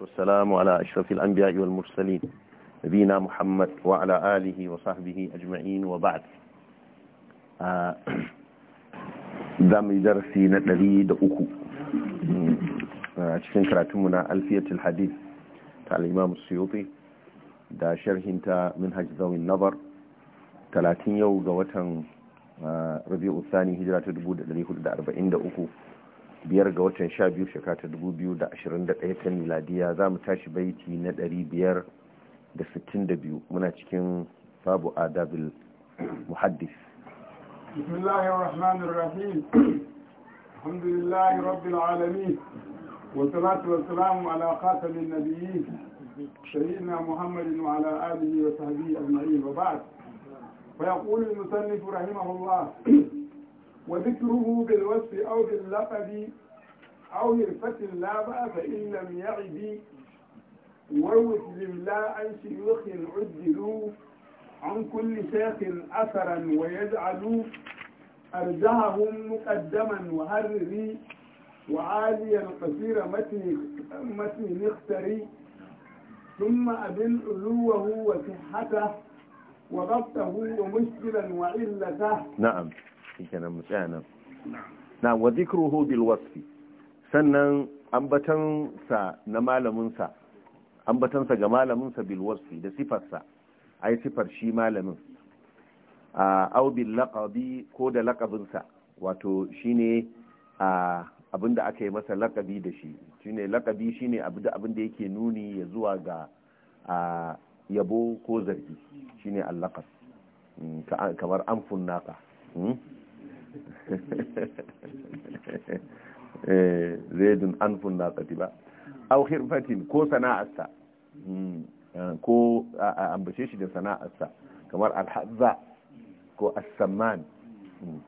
والسلام على أشرف الأنبياء والمرسلين نبينا محمد وعلى آله وصحبه أجمعين وبعد دام درسي نتلغي دعوكو cikin karatunmuna alfiyatul hadith ta al'imam suyuti da sharhinta minhaj zawin nabar 30 yau ga watan rabi'u thani hijira ta 1443 biyar ga watan sha biyu shekara ta dubu biyu da ashirin da ɗaya ta miladiya za mu tashi baiti na ɗari biyar da sittin da biyu muna cikin babu adabil muhaddis bismillahir rahmanir rahim alhamdulillahi rabbil alamin wa salatu wa salamu ala khatamin nabiyyin sayyidina muhammadin wa ala alihi wa sahbihi ajma'in wa ba'd fa yaqulu al-musannif rahimahullah وذكره بالوصف أو باللقب أو يرفة لا بأس إن لم يعد ومسلم لا عن شيوخ عدلوا عن كل شيخ أثرا ويجعلوا أرجعهم مقدما وهرري وعاليا قصير متي متن اختري ثم أبن علوه وصحته وضبطه ومشكلا وعلته نعم shikenan mu tsaya nan na wa dhikruhu bil wasfi sannan ambatan sa na malamin sa ambatan sa ga malamin sa bil wasfi da sifar sa ai sifar shi malamin a au bil laqabi ko da laqabin sa wato shine a abinda aka yi masa laqabi da shi shine laqabi shine abinda abinda yake nuni ya zuwa ga yabo ko zargi shine allaqab hmm, kamar amfun naka hmm? Eh, zaidun anfun na tsati ba au hirfatin ko sana'arsa hmm, eh, ko ambace shi da sana'arsa kamar alhazza ko asamman hmm.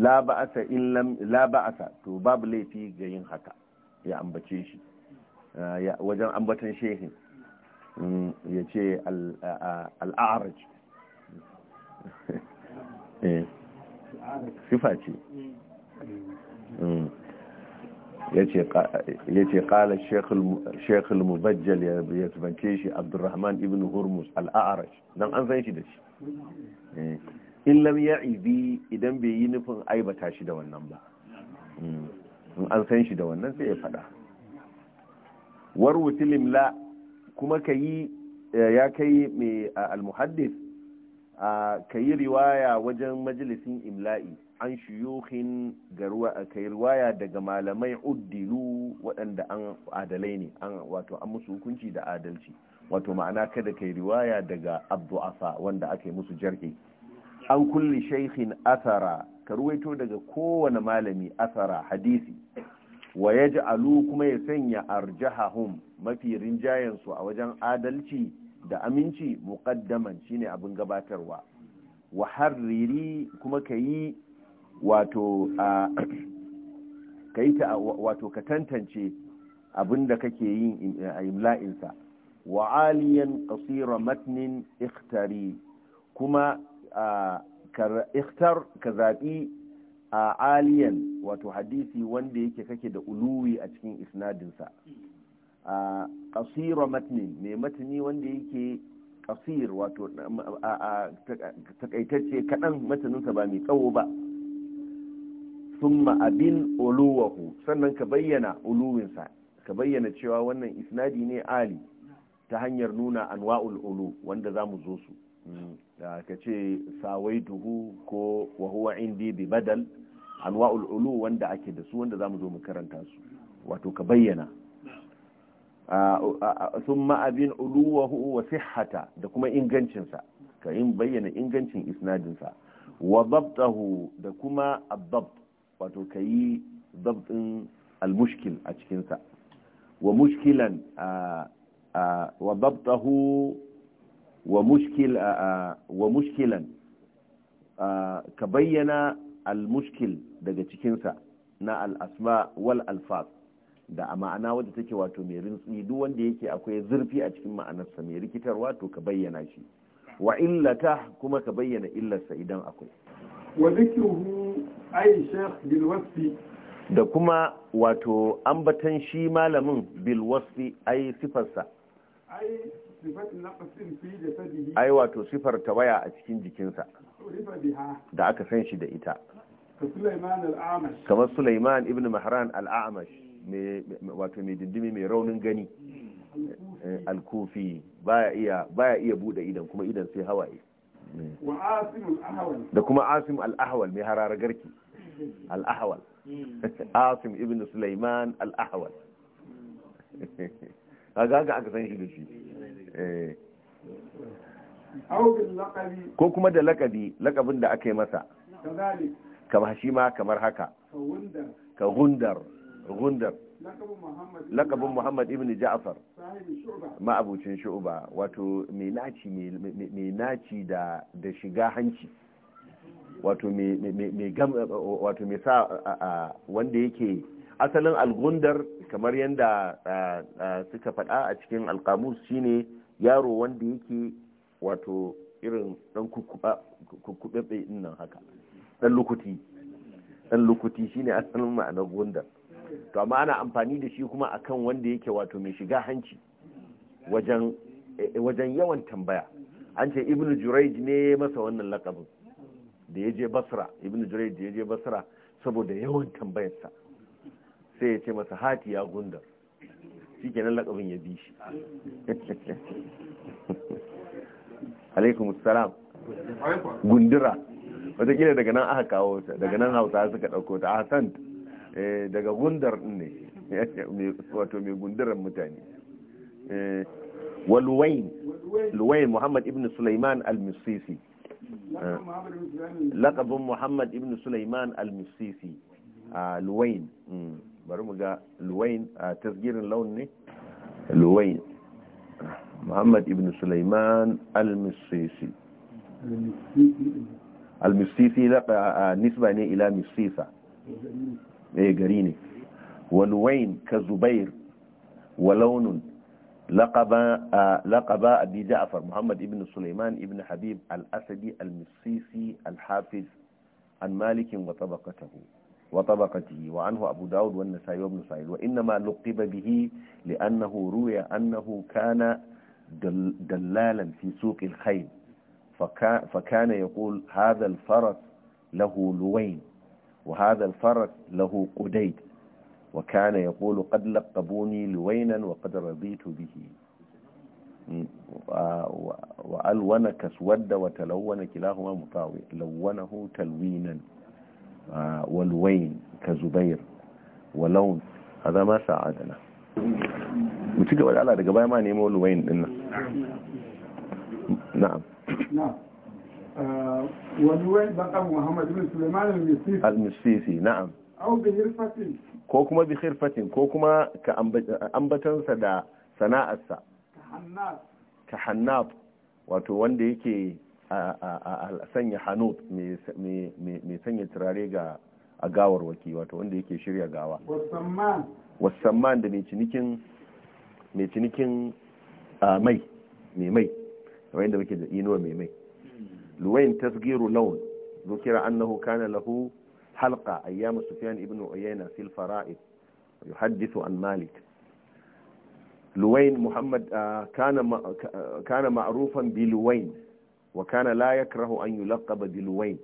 la ba'asa in lam la to babu laifi ga yin haka ya ambace shi eh, wajen ambatan shehin hmm, ya ce al'araj sifa ce hmm. ya ce kala shekul mubajjal ya tubance shi abdurrahman ibn hurmus al'arash don an san shi da shi hmm. in lam ya ibi idan bai yi nufin aibata shi da wannan ba hmm. in an san shi da wannan sai ya fada warwutilim la kuma ka yi ya kai mai al-muhaddis ka yi riwaya wajen majalisin imla'i an shuyuhin ka yi riwaya daga malamai uddilu waɗanda an adalai ne wato an musu hukunci da adalci wato ma'ana kada ka yi riwaya daga asa wanda aka yi musu jarhi an kulle shaikhin asara ka ruwaito daga kowane malami asara hadisi wa ya kuma ya sanya arjahahum mafi rinjayensu a wajen adalci da aminci muqaddaman shine abin gabatarwa wa harriri kuma kayi wato kayi ta wato ka tantance abinda da kake yin imla'insa wa aliyan qasira matnin ikhtari kuma ikhtar ka zaɓi a aliyan wato hadisi wanda yake kake da uluwi a cikin isnadinsa a kasira matni mai matni wanda yake kasir wato takaitacce kaɗan mataninsa ba mai tsawo ba summa abin uluwahu sannan ka bayyana uluwinsa ka bayyana cewa wannan isnadi ne ali ta hanyar nuna anwa'ul ulu wanda za mu zo su mm, da ka ce sawaituhu ko wahuwa indi bi badal anwa'ul ulu wanda ake da su wanda za mu zo mu karanta su wato ka bayyana thumma abin uluwahu wa sihhata da kuma ingancinsa ka in bayyana ingancin isnadinsa wa dabtahu da kuma abdabt wato ka yi dabtin almushkil a cikinsa wa mushkilan wa dabtahu wa mushkilan ka bayyana almushkil daga cikinsa na al'asma wal alfaz da ma'ana wadda take wato mai rintsi duk wanda yake akwai zurfi a cikin ma'anarsa mai rikitarwa to ka bayyana shi wa illata kuma ka bayyana illarsa idan akwai wa dhikruhu ay shaykh bil wasfi da kuma wato ambatan shi malamin bil wasfi ai sifarsa Ai sifat naqsin fi jasadihi wato sifar tawaya a cikin jikinsa da aka san shi da ita kamar Sulaiman ibn Mahran al-A'mash wato mai dindimi mai raunin gani eh, alkufi baya iya baya iya bude idan kuma idan sai hawaye da kuma asim al-ahwal mai harar garki al-ahwal hmm. asim ibn sulaiman al-ahwal kaga ga aka san shi da shi eh. ko kuma da lakabi lakabin da aka yi masa kama shi ma kamar haka ka hundar gundar lakabin muhammad ibn ja'far ma'abucin shu'uba wato mai naci da shiga hanci wato mai sa wanda yake asalin algundar kamar yadda suka faɗa a cikin alkamus shine yaro wanda yake wato irin ɗan kukkuɓe nan haka ɗan ɗan lukuti shine asalin ma'anar gundar to amma ana amfani da shi kuma akan wanda yake wato mai shiga hanci wajen eh, wajen yawan tambaya an ce ibnu juraij ne masa wannan lakabin da ya je basra ibnu juraij da ya je basra saboda yawan tambayarsa sai ya ce masa hati ya gundar shi kenan lakabin ya bi shi alaikum salam gundura watakila daga nan aka kawo ta daga nan hausa suka ɗauko ta ahsan Eh, daga gundar ne wato mai gundurar mutane eh, walwain luwain muhammad ibn sulaiman al-misisi eh, laƙabin muhammad ibn sulaiman al-misisi a ah, luwain hmm, bari mu ga luwain a ah, tasgirin laun ne luwain muhammad ibn sulaiman al-misisi al-misisi ah, nisba ne ila missisa. ايه جريني ولوين كزبير ولون لقب آه، لقب ابي جعفر محمد ابن سليمان ابن حبيب الاسدي المصيصي الحافظ عن مالك وطبقته وطبقته وعنه ابو داود والنسائي وابن سعيد وانما لقب به لانه روي انه كان دلالا في سوق الخيل فكان يقول هذا الفرس له لوين وهذا الفرس له قديد وكان يقول قد لقبوني لوينا وقد رضيت به وألون كسود وتلون كلاهما مطاوي لونه تلوينا آه، والوين كزبير ولون هذا ما ساعدنا وتجي ولا لا دغبا ما نيمو الوين نعم نعم Wani wani ونويل بقى محمد Suleiman سليمان المسيسي na'am. A'u أو بهرفة ko kuma bi khirfatin ko kuma ka ambatansa da sana'arsa ka hannab wato wanda yake sanya hanut mai sanya turare ga a gawar waki wato wanda yake shirya gawa wasamman da mai cinikin mai mai mai mai kamar yadda muke da inuwa mai mai لوين تصغير لون ذكر أنه كان له حلقة أيام سفيان بن عيينة في الفرائض يحدث عن مالك لوين محمد آه، كان آه، كان معروفا بلوين وكان لا يكره أن يلقب بلوين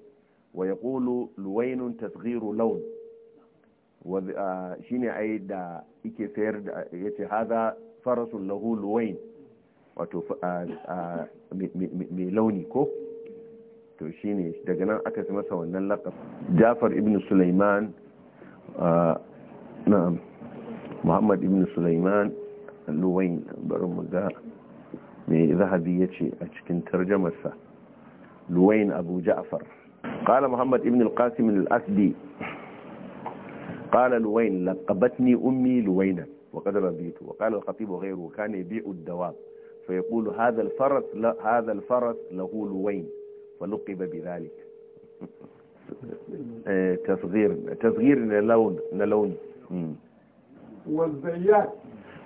ويقول لوين تصغير لون و ai اي ike sayar da ya ce haza farasun lahu luwain wato mai كو to shine daga nan aka fi masa wannan laƙab jafar ibn sulaiman na'am muhammad ibn sulaiman luwain bari mu ga mai zahabi ya ce a cikin tarjamarsa luwain abu ja'far قال محمد ابن القاسم الأسدي قال لوين لقبتني أمي لوينا وقد ربيت وقال الخطيب غيره كان يبيع الدواب فيقول هذا الفرس لا هذا الفرس له لوين ولقب بذلك إيه، تصغير تصغير للون للون والزيات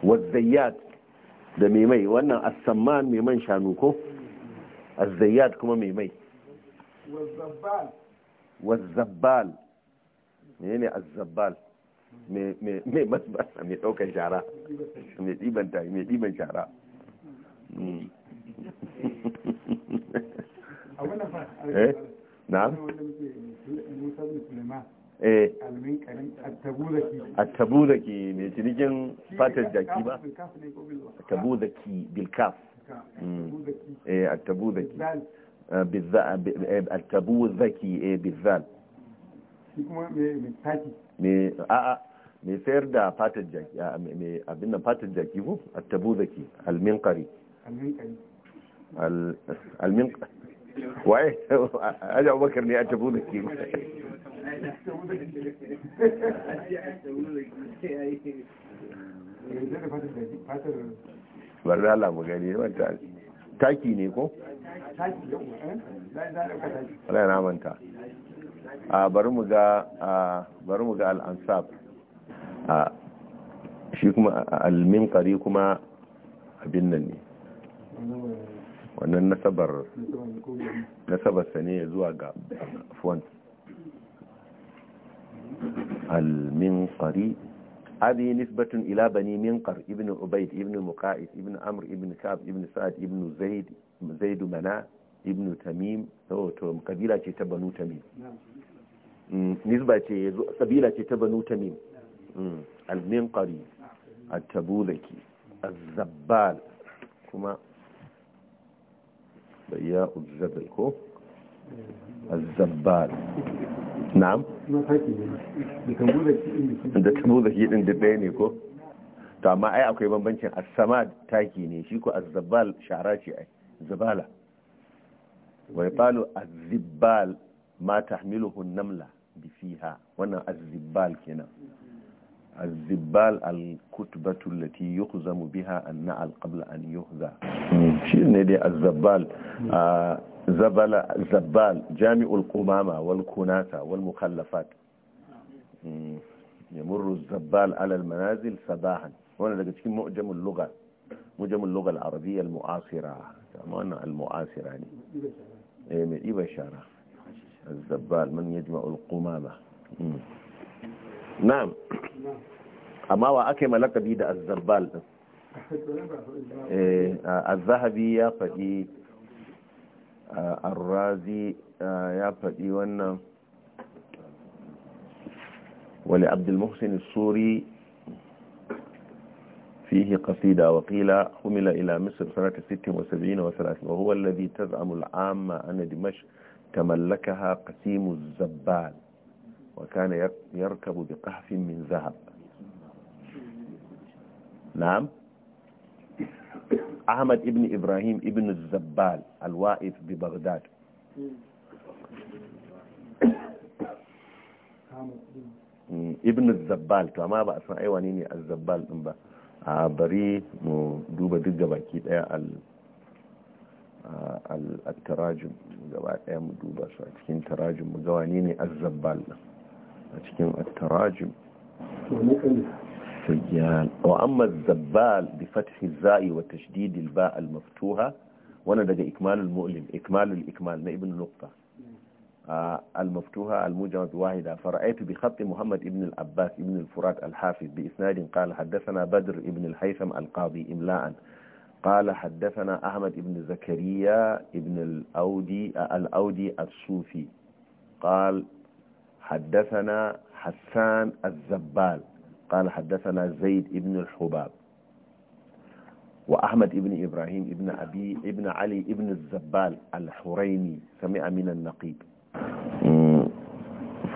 والزيات ده وانا السمان ميمن شانوكو الزيات كما ميمي والزبال والزبال يعني الزبال مي مي مي بس مي دوك شارا مي ديبن تاي مي ديبن شارا eh na'am eh attabuzaki mai cinikin fatar jaki ba attabuzaki bilkaf hmm. eh attabuzaki attabuzaki eh bizal eh, eh, shi kuma mai taki mai a'a me sayar da fatar jaki me abin nan fatar jaki ko attabuzaki alminqari alminqari alminqari waye aji abubakar ne a tabu da ke bar da Allah mu gani wanta taki ne ko wala na manta a bari mu ga bari mu ga al a shi kuma al-minqari kuma abin nan ne wannan nasabar nasabar sa ne zuwa ga fuwan al-minkari abi nisbatun ila bani minkar ibn Obaid, ibn muqa'id ibn Amur, ibn ka'ab ibn sa'ad ibn zaid zaid mana ibn tamim to kabila ce ta banu tamim mm, nisba ce kabila ce ta banu tamim mm, a minqari at-tabulaki a zabbal kuma da iya uzzabai ko azzabar na'am da tabo da shi duk ɗaya ne ko to amma ai akwai bambancin As-Samad taki ne shi ko azzabal shara ce ai zabala wa yafalu azzibal ma tahmiluhu namla bi fiha wannan azzibal kenan الزبال الكتبة التي يخزم بها النعل قبل أن يهزى شيء دي الزبال زبال زبال جامع القمامة والكناسة والمخلفات يمر الزبال على المنازل صباحا هنا لقد كنت مؤجم اللغة مؤجم اللغة العربية المعاصرة أنا المعاصرة يعني إيه إبشارة الزبال من يجمع القمامة na'am amma wa aka yi malakabi da azzabal din azzahabi ya faɗi arrazi ya faɗi wannan wali abdulmuhsin suri فيه قصيدة وقيل حمل إلى مصر سنة 76 و30 وهو الذي تزعم العامة أن دمشق تملكها قسيم الزبال وكان يركب بقحف من ذهب نعم أحمد ابن إبراهيم ابن الزبال الواقف ببغداد ابن الزبال كما بقى اسمع أيوة نيني الزبال نبا آه، بري دوبة دقة باكي آه، التراجم gaba ɗaya mu duba su a cikin a cikin attaraju sujjal wa amma zabbal bi fathi za'i wa tashdid al ba al maftuha wannan daga ikmalul mu'lim ikmalul ikmal na ibn nuqta al maftuha al mujawaz wahida fara'aytu bi khatt muhammad ibn al abbas ibn al furat al hafiz bi isnad qala hadathana badr ibn al haytham al qadi imla'an قال حدثنا أحمد بن زكريا بن الأودي الأودي الصوفي قال حدثنا حسان الزبال قال حدثنا زيد ابن الحباب وأحمد ابن إبراهيم ابن أبي ابن علي ابن الزبال الحريني سمع من النقيب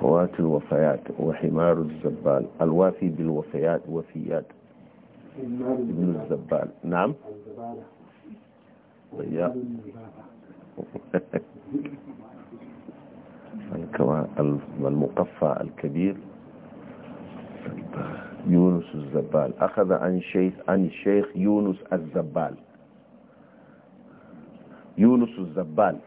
فوات الوفيات وحمار الزبال الوافي بالوفيات وفيات ابن الزبال نعم والمقفى الكبير يونس الزبال أخذ عن شيخ عن الشيخ يونس الزبال يونس الزبال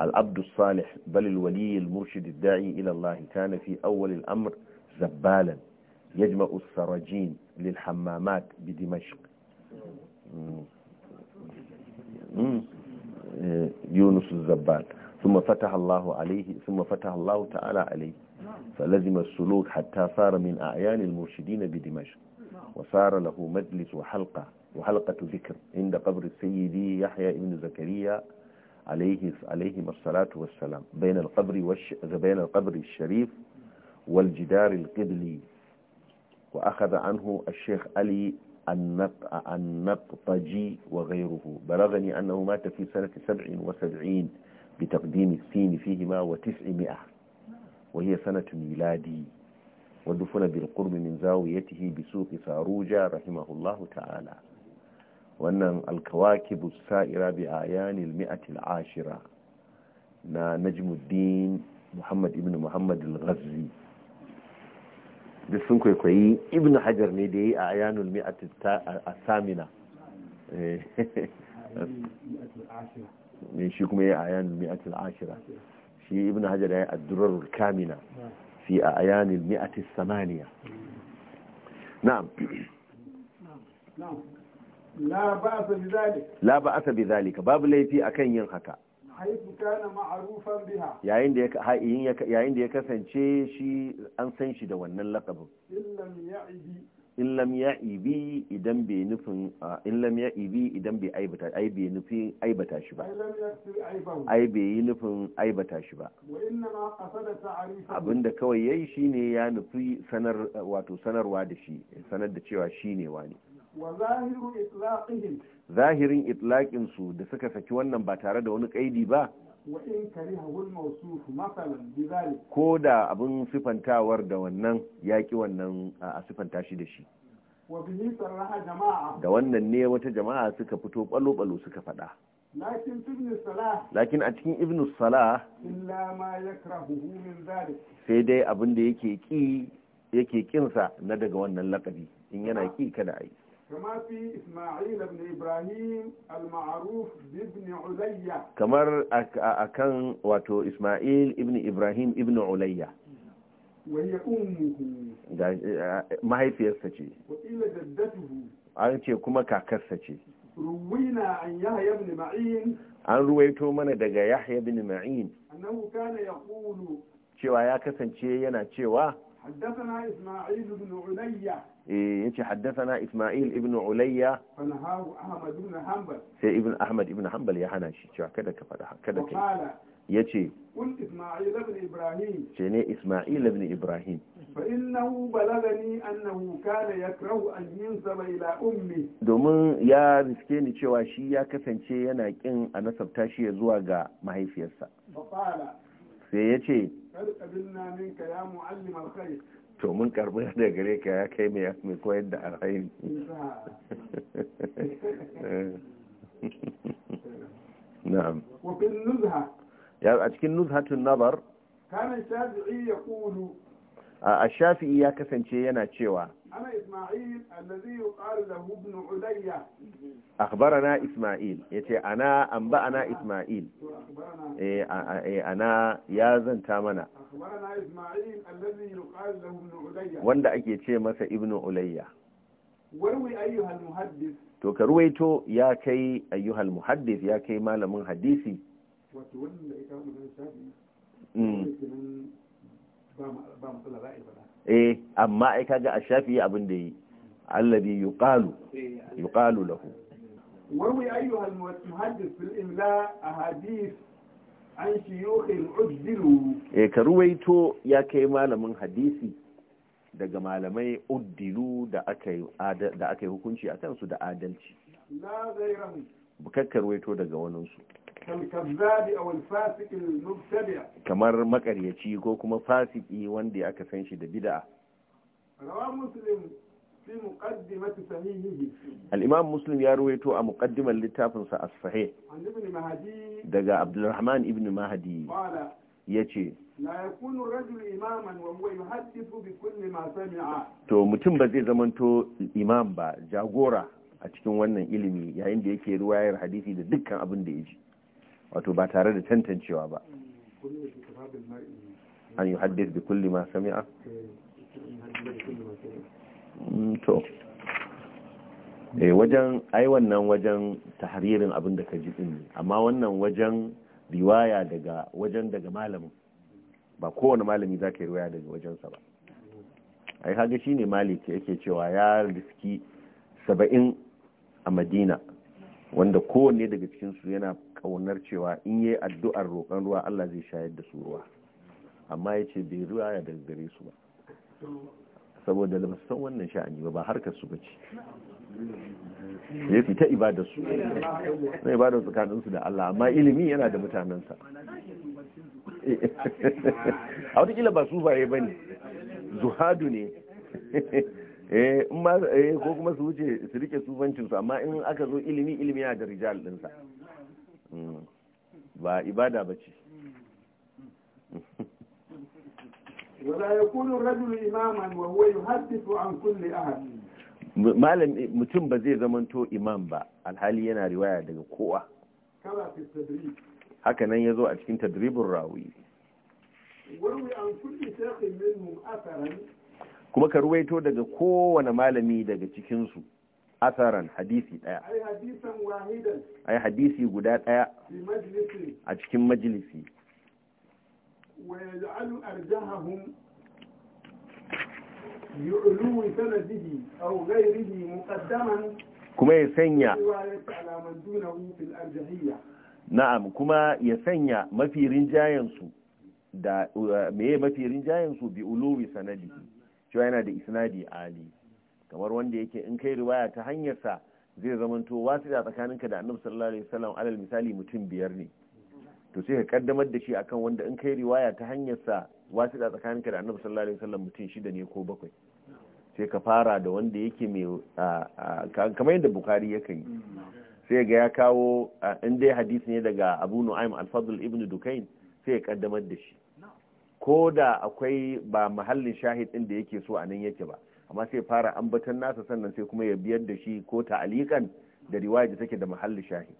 العبد الصالح بل الولي المرشد الداعي إلى الله كان في أول الأمر زبالا يجمع السراجين للحمامات بدمشق يونس الزبال ثم فتح الله عليه ثم فتح الله تعالى عليه فلزم السلوك حتى صار من أعيان المرشدين بدمشق وصار له مجلس وحلقة وحلقة ذكر عند قبر السيد يحيى بن زكريا عليه عليهما الصلاة والسلام بين القبر والش بين القبر الشريف والجدار القبلي وأخذ عنه الشيخ علي النقطجي وغيره بلغني أنه مات في سنة سبع وسبعين بتقديم السين فيهما وتسعمائة وهي سنة ميلادي ودفن بالقرب من زاويته بسوق ساروجا رحمه الله تعالى وأن الكواكب السائرة بأعيان المئة العاشرة نا نجم الدين محمد ابن محمد الغزي duk يكوي ابن حجر ميدي أعيان المئة الثامنة المئة العاشرة ne shi kuma ya ayanul mi'atil ashira shi ibn hajar ya ad-durarul kamina fi ayanil mi'atis samaniya na'am la ba'asa bi zalika la ba'asa bi babu laifi akan yin haka yayin da ya kasance shi an san shi da wannan lakabin in lam ya ibi idan bai nufin in aibata ai bai shi ba ai bai yi nufin aibata shi ba abinda kawai yayi shine ya nufi wato sanarwa da shi sanar da cewa shine wani zahirin itlaqin su da suka saki wannan ba tare da wani kaidi ba ko da abin sifantawar da wannan yaƙi wannan a sifanta shi da shi da wannan ne wata jama'a suka fito ɓalo-ɓalo suka faɗa lakin a cikin ibn salah sai dai abin da yake ƙi yake ƙinsa na daga wannan laƙabi in yana ƙi kada a yi kamar fi isma'il ibn ibrahim al-ma'ruf ibn ulayya kamar akan wato isma'il ibn ibrahim ibn ulayya wa ya ummuhu da mahaifiyarsa ce wa ila jaddatuhu an ce kuma kakarsa ce ruwina an yahya ibn ma'in an ruwaito mana daga yahya ibn ma'in annahu kana yaqulu cewa ya kasance yana cewa حدثنا إسماعيل بن عليّة Eh, yace haddathana Isma'il ibn Ulayya sai ibn Ahmad ibn Hanbal ya hana shi cewa kada ka faɗa kada ka yace kun Isma'il ibn Ibrahim ce ne Isma'il ibn Ibrahim fa innahu balagani annahu kana yakrahu an yunsaba ila ummi domin ya riske ni cewa shi ya kasance yana kin a nasabta shi zuwa ga mahaifiyarsa sai yace kar ka kabilna minka ya muallim alkhair to mun karbi da gare ka ya kai mai koyar da alhaini na'am ya a cikin nuzhatun nazar kana shafi'i ya kulu a shafi'i ya kasance yana cewa ana isma'il allazi yuqalu lahu ibn ulayya akhbarana isma'il yace ana amba ana isma'il eh, eh ana ya zanta mana akhbarana isma'il allazi yuqalu lahu ibn ulayya wanda ake ce masa ibn ulayya warwi ayyuhal muhaddis to ka ruwaito ya kai ayyuhal muhaddis ya kai malamin hadisi eh amma ai kaga a shafi abin da yi allabi yuqalu eh, yuqalu lahu warwi ayyuha al-muhaddith fil imla ahadith an shuyukh al-ujdilu eh ka ruwaito ya kai malamin hadisi daga malamai uddilu da aka yi da aka hukunci akan su da adalci la Bukakkar bukakkarwaito daga waninsu kamar makaryaci ko kuma fasiki wanda ya aka san shi da bid'a al'imam muslim ya ruwaito a muqaddimar littafinsa as-sahih daga abdulrahman ibn mahdi ya ce to mutum ba zai zamanto imam ba jagora a cikin wannan ilimi yayin da yake ruwayar hadisi da dukkan abin da ya ji wato ba tare da tantancewa ba an yi haddis da kulli ma sami'a mm, to eh wajen ai wannan wajen tahririn abin da ka ji din ne amma wannan wajen riwaya daga wajen daga malamin ba kowane malami za ka yi riwaya daga wajensa ba ai shi ne malik yake cewa ya riski saba'in a madina wanda kowanne daga cikinsu yana kaunar cewa in yi addu'ar roƙon ruwa Allah zai shayar da su ruwa amma ya ce bai ruwa ya daga gare su ba saboda da san wannan sha'ani ba ba harkar su bace ya fita ibada su na ibada tsakanin su da Allah amma ilimi yana da mutanensa a wata kila ba su baye bane zuhadu ne eh in eh, ko kuma su wuce su rike sufancin su amma in aka zo ilimi ilimi a da rijal ɗinsa. Hmm. ba ibada ba ce imaman wa an malam eh, mutum ba zai zamanto imam ba alhali yana riwaya daga kowa haka nan ya zo a cikin tadribin rawi warwi an kulli shaykhin minhum atharan kuma ka ruwaito daga kowane malami daga cikinsu asaran hadisi ɗaya ai hadisi guda ɗaya a cikin majalisi kuma ya sanya na'am kuma ya sanya mafi rinjayensu da uh, meye mafi rinjayensu bi uluwi sanadihi cewa yana da isnadi ali kamar wanda yake in kai riwaya ta hanyarsa zai zamanto wasila tsakaninka da annabi sallallahu alaihi wasallam alal misali mutum biyar ne to sai ka kaddamar da shi akan wanda in kai riwaya ta hanyarsa wasila tsakaninka da annabi sallallahu alaihi wasallam mutum shida ne ko bakwai sai ka fara da wanda yake mai kamar yadda bukari yakan yi sai ga ya kawo in dai hadisi ne daga abu nu'aym al-fadl ibn dukain sai ya kaddamar da shi ko da akwai ba mahallin shahid ɗin da yake so a nan yake ba amma sai fara ambatan nasa sannan sai kuma ya biyar da shi ko ta'alikan da riwaya da take da mahallin shahid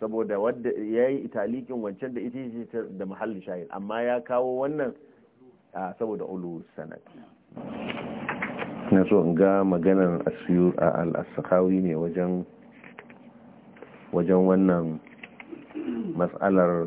saboda wadda ya yi italikin wancan da ita ce da mahallin shahid amma ya kawo wannan saboda ulu sanad na so in ga maganar asiyur a al ne wajen wajen wannan matsalar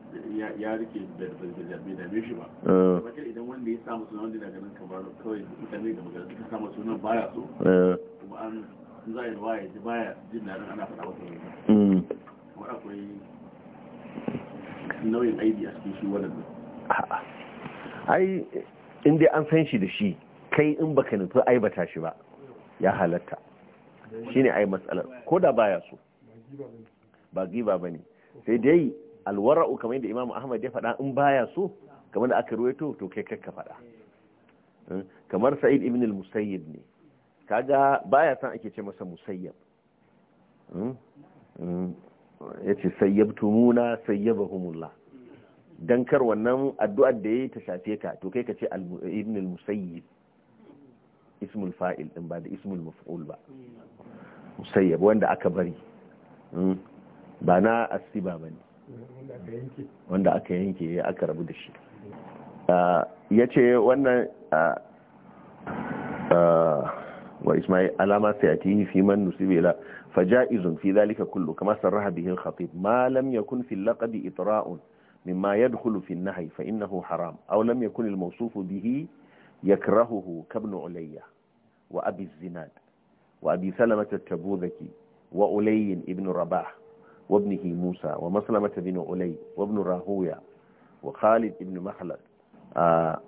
ya rike bai dame shi ba ah. wata idan wanda ya samu suna wanda daga nan kamar kawai mutane da magana suka samu sunan baya so ah. kuma an za a yi ruwa ya ji baya jin daɗin ana faɗa wata yanzu kamar akwai nauyin aibi a cikin shi wannan ai in dai an san shi da shi kai in baka nufi aibata shi ba ya halatta shi ne ai matsalar ko da baya so ba giba ne sai dai alwara'u kamar yadda imamu ahmad ya faɗa in baya so kamar da aka ruwaito to kai kakka faɗa eh, kamar sa'id ibn al-musayyib ne kaga baya san ake ce masa musayyab hmm? Hmm. yace sayyabtumuna sayyabahumullah dan kar wannan addu'ar da ya yi ta shafe ka to kai ka ce ibn al-musayyib ismul fa'il din ba da ismul maf'ul ba musayyab wanda aka bari hmm? ba na asiba bane wanda aka yanke aka rabu da shi ya ce wannan wa ismai alama sayatihi fi man nusiba ila faja'izun fi dhalika kullu kama sarraha bihi al-khatib ma lam yakun fi al-laqab itra'un mimma yadkhulu fi an-nahy fa innahu haram aw lam yakun al-mawsuf bihi yakrahuhu kabnu ulayya wa abi az zinad wa abi salamah at-tabuzaki wa ulay ibn rabah وابنه موسى ومسلمة بن علي وابن راهوية وخالد بن مخلد آه،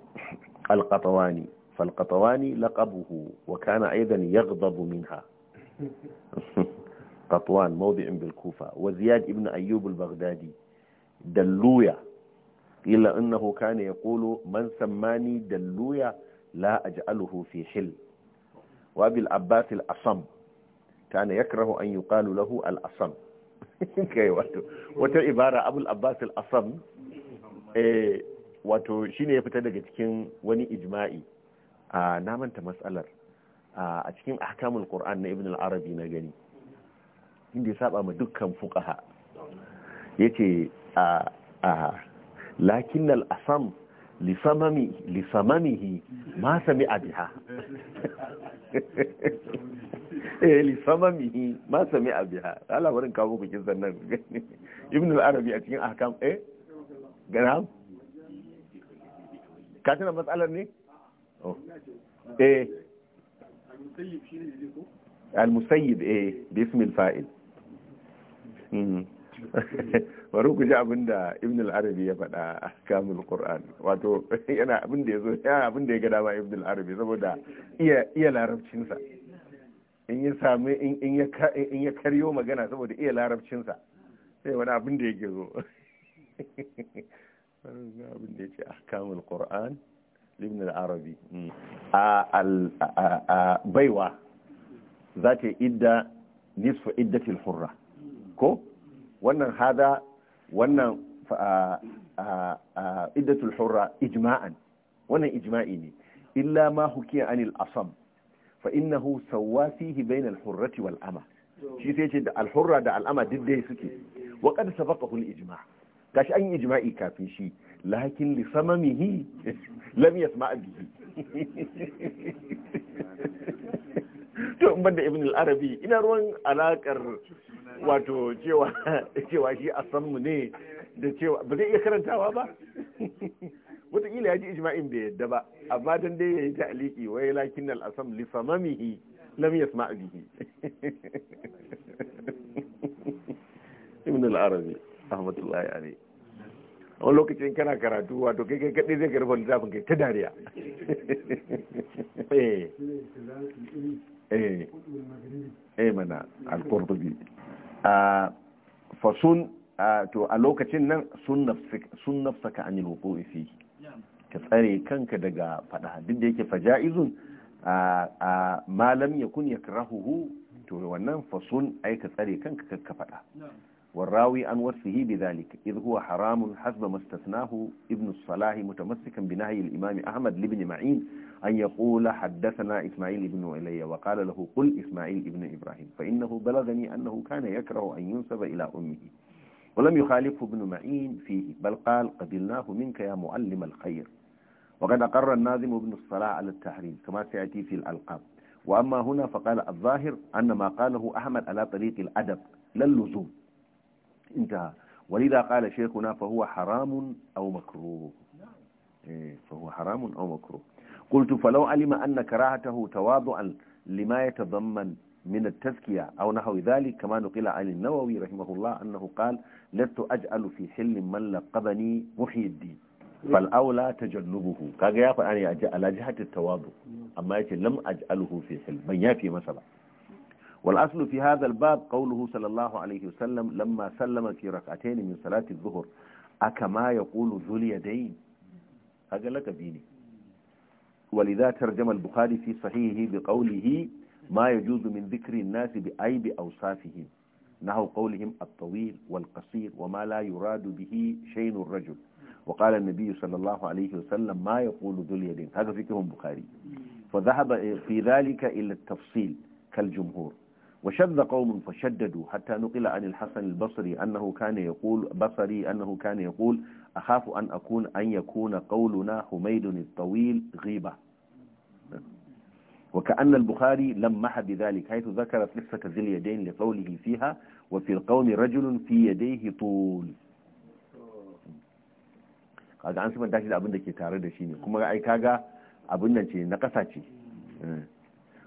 القطواني فالقطواني لقبه وكان أيضا يغضب منها قطوان موضع بالكوفة وزياد بن أيوب البغدادي دلويا إلا أنه كان يقول من سماني دلويا لا أجعله في حل وأبي العباس الأصم كان يكره أن يقال له الأصم kai wato wata ibara abul abbas al-asam eh wato shine ya fita daga cikin wani ijma'i a namanta matsalar a cikin ahkamul qur'an na ibn al-arabi na gani inda ya saba ma dukkan fuqaha yace a a lakin al-asam lisamamihi ma sami biha Eh, li samamihi ma sami abiha Allah barin kawo ku kisan nan ibn al-arabi a cikin ahkam eh ganam ka tana matsalar ne oh. eh al-musayyib eh bism al-fa'il hmm. bari ku ji abin da ibn al-arabi ya faɗa a kamun qur'an wato yana abin da ya zo ya abin da ya ga dama ibn al-arabi saboda iya larabcinsa in ya samu in ya karyo magana saboda iya larabcinsa sai wani abin da yake zo abin da yake ahkamul qur'an ibn al-arabi mm. a baiwa za ta idda nisfa iddatil hurra ko wannan hada wannan iddatul hurra ijma'an wannan ijma'i ne illa ma hukiya anil asam fa innahu sawwa fihi bayna al-hurrati wal ama shi sai ce da al-hurra da al-ama duk dai suke wa qad sabaqahu al-ijma' gashi an yi ijma'i kafin shi lakin li samamihi lam yasma' to in banda ibn al-arabi ina ruwan alakar wato cewa cewa shi asammu ne da cewa ba zai iya karantawa ba wataƙila ya ji ijma'in bai yadda ba amma dan dai yayi ta'liqi wai lakin al asam li samamihi lam yasma bihi ibn al arabi rahmatullahi alayhi a wani lokacin kana karatu wato kai kai kadai zai karfa littafin kai ta dariya eh. Eh. eh mana al-qurtubi a ah, fasun ah, to a lokacin nan sun nafsaka an yi wuƙo'i fi ka tsare kanka daga fada duk da yake faja'izun a malam ya kun ya karahuhu to wannan fasun ai ka tsare kanka kakka fada والراوي عن وصفه بذلك إذ هو حرام حسب ما استثناه ابن الصلاح متمسكا بنهي الإمام أحمد لابن معين أن يقول حدثنا إسماعيل بن علي وقال له قل إسماعيل ابن إبراهيم فإنه بلغني أنه كان يكره أن ينسب إلى أمه ولم يخالفه ابن معين فيه بل قال قبلناه منك يا معلم الخير وقد أقر الناظم ابن الصلاة على التحريم كما سيأتي في الألقاب وأما هنا فقال الظاهر أن ما قاله أحمد على طريق الأدب لا اللزوم انتهى ولذا قال شيخنا فهو حرام أو مكروه إيه، فهو حرام أو مكروه قلت فلو علم أن كراهته تواضعا لما يتضمن من التزكية أو نحو ذلك كما نقل عن النووي رحمه الله أنه قال لست أجعل في حل من لقبني محي الدين فالأولى تجنبه كاغا يا فان يا على جهه التواضع اما يتي لم اجعله في حلم من يفي مثلا والاصل في هذا الباب قوله صلى الله عليه وسلم لما سلم في ركعتين من صلاه الظهر اكما يقول ذو اليدين كاغا لك بيني ولذا ترجم البخاري في صحيحه بقوله ما يجوز من ذكر الناس باي اوصافهم نحو قولهم الطويل والقصير وما لا يراد به شين الرجل وقال النبي صلى الله عليه وسلم ما يقول ذو اليدين هذا فكره البخاري فذهب في ذلك إلى التفصيل كالجمهور وشذ قوم فشددوا حتى نقل عن الحسن البصري أنه كان يقول بصري أنه كان يقول أخاف أن أكون أن يكون قولنا حميد الطويل غيبة وكأن البخاري لمح بذلك حيث ذكرت لفة ذي اليدين لقوله فيها وفي القوم رجل في يديه طول kaga an sifanta shi da abin da ke tare da shi ne kuma ai kaga abin nan ce na ƙasa ce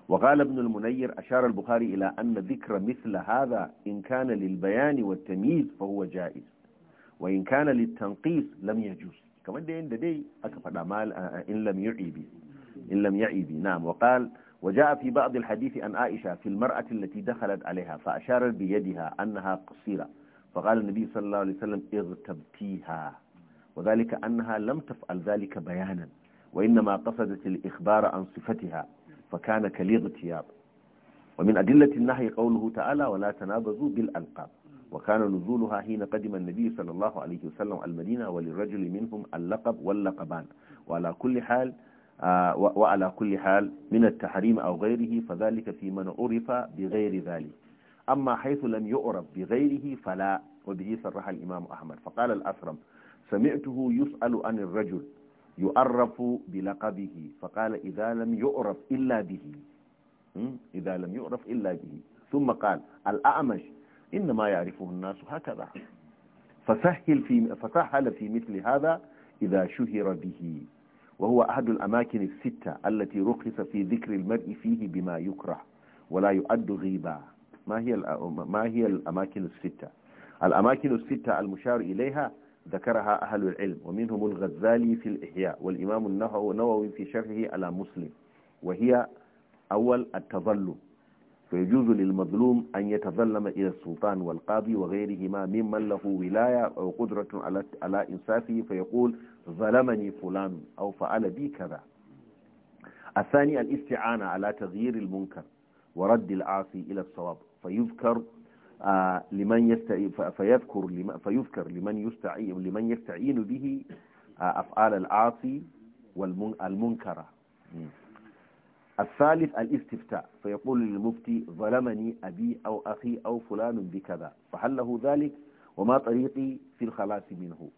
وقال ابن المنير أشار البخاري إلى أن ذكر مثل هذا إن كان للبيان والتمييز فهو جائز وإن كان للتنقيص لم يجوز كما دي عند دي أكفر مال إن لم يعيبي إن لم يعيبي نعم وقال وجاء في بعض الحديث أن عائشة في المرأة التي دخلت عليها فأشارت بيدها أنها قصيرة فقال النبي صلى الله عليه وسلم اغتبتيها وذلك أنها لم تفعل ذلك بيانا وإنما قصدت الإخبار عن صفتها فكان تياب ومن أدلة النهي قوله تعالى ولا تنابزوا بالألقاب وكان نزولها حين قدم النبي صلى الله عليه وسلم المدينة وللرجل منهم اللقب واللقبان وعلى كل حال آه، وعلى كل حال من التحريم أو غيره فذلك في من عرف بغير ذلك أما حيث لم يعرف بغيره فلا وبه صرح الإمام أحمد فقال الأسرم سمعته يسأل عن الرجل يعرف بلقبه فقال إذا لم يعرف إلا به إذا لم يعرف إلا به ثم قال الأعمش إنما يعرفه الناس هكذا فسهل في فسهل في مثل هذا إذا شهر به وهو أحد الأماكن الستة التي رخص في ذكر المرء فيه بما يكره ولا يؤد غيبا ما هي ما هي الأماكن الستة الأماكن الستة المشار إليها ذكرها أهل العلم ومنهم الغزالي في الإحياء والإمام النووي في شرحه على مسلم وهي أول التظلم فيجوز للمظلوم أن يتظلم إلى السلطان والقاضي وغيرهما ممن له ولاية أو قدرة على على إنصافه فيقول ظلمني فلان أو فعل بي كذا الثاني الاستعانة على تغيير المنكر ورد العاصي إلى الصواب فيذكر آه، لمن يستعين فيذكر لمن فيذكر لمن يستعين لمن يستعين به آه، أفعال العاصي والمنكرة الثالث الاستفتاء فيقول للمفتي ظلمني أبي أو أخي أو فلان بكذا فهل له ذلك وما طريقي في الخلاص منه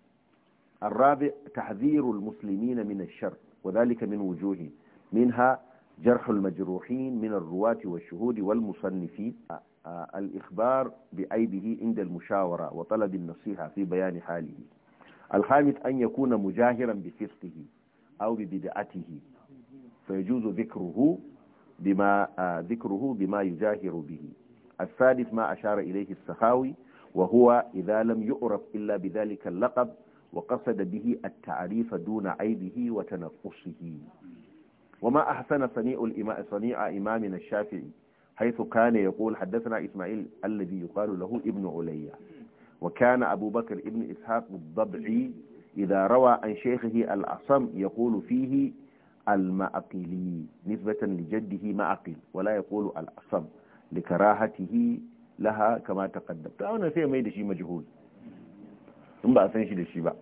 الرابع تحذير المسلمين من الشر وذلك من وجوه منها جرح المجروحين من الرواة والشهود والمصنفين آه، الإخبار بعيبه عند المشاورة وطلب النصيحة في بيان حاله الخامس أن يكون مجاهرا بفسقه أو ببدعته فيجوز ذكره بما آه، ذكره بما يجاهر به السادس ما أشار إليه السخاوي وهو إذا لم يعرف إلا بذلك اللقب وقصد به التعريف دون عيبه وتنقصه وما أحسن صنيع الإمام صنيع إمامنا الشافعي حيث كان يقول حدثنا إسماعيل الذي يقال له ابن عليا وكان أبو بكر ابن إسحاق الضبعي إذا روى عن شيخه الأصم يقول فيه المأقلي نسبة لجده مأقل ولا يقول الأصم لكراهته لها كما تقدم تعاونا سيما يدشي مجهول ثم بأسنش دشي بقى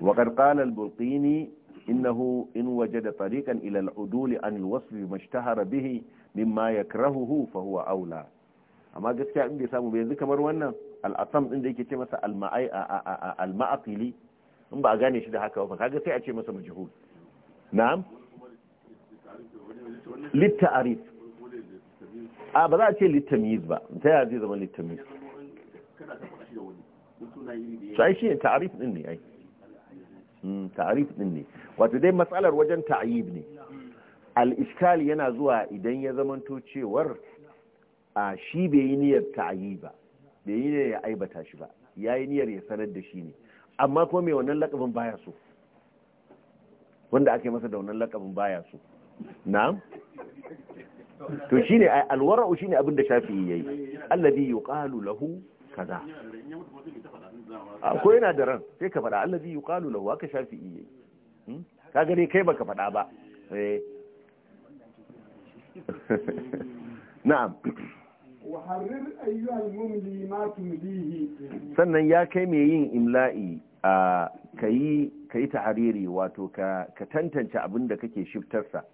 وقد قال البلقيني إنه إن وجد طريقا إلى العدول عن الوصف بما اشتهر به mimma yakrahuhu fa huwa aula amma gaskiya in bai samu ba yanzu kamar wannan al'asam din da yake ce masa al-ma'ai in ba a gane shi da haka ba kaga sai a ce masa majhul na'am litta'arif a ba za a ce litamiz ba ta yaya zai zama litamiz sai shi ne ta'arif din ne ai hmm, ta'arif din ne wato dai matsalar wajen ta'ayib ne al-iskali yana zuwa idan ya zamanto cewar a shi bai yi niyyar yi ba bai yi niyyar ya aibata shi ba ya yi niyyar ya sanar da shi ne amma kuma mai wannan lakabin baya so wanda aka yi masa da wannan lakabin baya so na? to shi ne alwara'u ne abin da yi, yayi yi kalu lahu kaza akwai yana da ran sai ka faɗa yi kalu lahu aka yi yayi ka gani kai baka faɗa ba eh na'am sannan ya kai mai yin imla'i a kayi kayi tahariri wato ka ka tantance abin da kake shiftarsa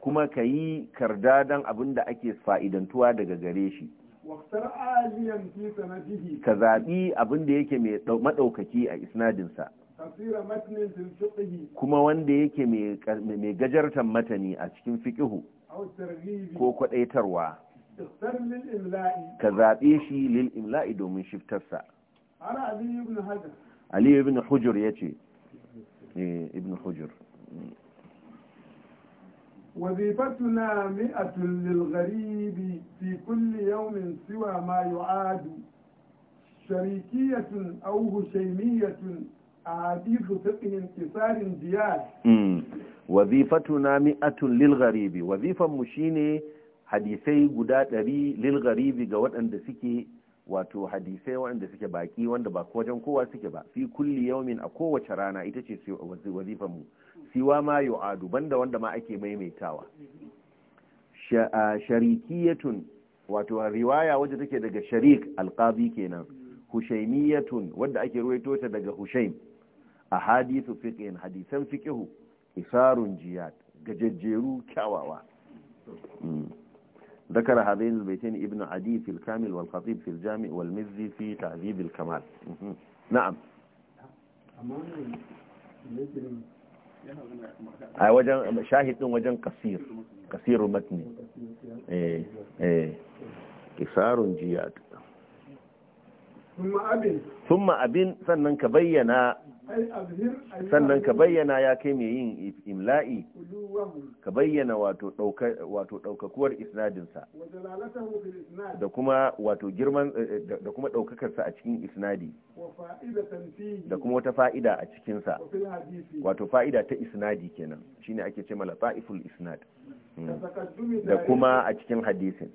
kuma ka yi karda don abin da ake fa'idantuwa daga gare shi ka zaɓi abin da yake maɗaukaki a isnadinsa kuma wanda yake mai gajartan matani a cikin fiƙihu ko kwaɗaitarwa ka zaɓe shi lil imla'i domin shiftarsa ali eh, ibn hujur ya ce ibn hujur وظيفتنا مئة للغريب في كل يوم سوى ما يعاد شريكية أو هشيمية ahadisu fiqhin kisarin diyar wazifatuna mi'atun lil gharibi wazifan mu shine hadisai guda ɗari lil gharibi ga waɗanda suke wato hadisai waɗanda suke baki wanda ba wajen kowa suke ba fi kulli yawmin a kowace rana ita ce wazifan mu siwa ma yu'adu banda wanda ma ake maimaitawa sharikiyatun wato riwaya wadda take daga sharik alqazi kenan hushaimiyatun wadda ake ruwaito ta daga hushaim a hadithu fiqhin hadisan fiqhu isarun jiyad gajajjeru kyawawa ذكر هذين البيتين ابن عدي في الكامل والخطيب في الجامع والمزي في تعذيب الكمال نعم a wajen shahidin wajen kasir kasiru matni eh kisarun eh. jiyad thumma abin sannan ka bayyana sannan ka bayyana ya kai mai yin imla'i ka bayyana wato ɗaukakuwar isnadinsa da kuma wato girman eh, eh, da kuma ɗaukakarsa a cikin isnadi da kuma wata fa'ida a cikinsa wato fa'ida ta isnadi kenan shine ake ce mala fa'iful isnad hmm. da kuma a cikin hadisin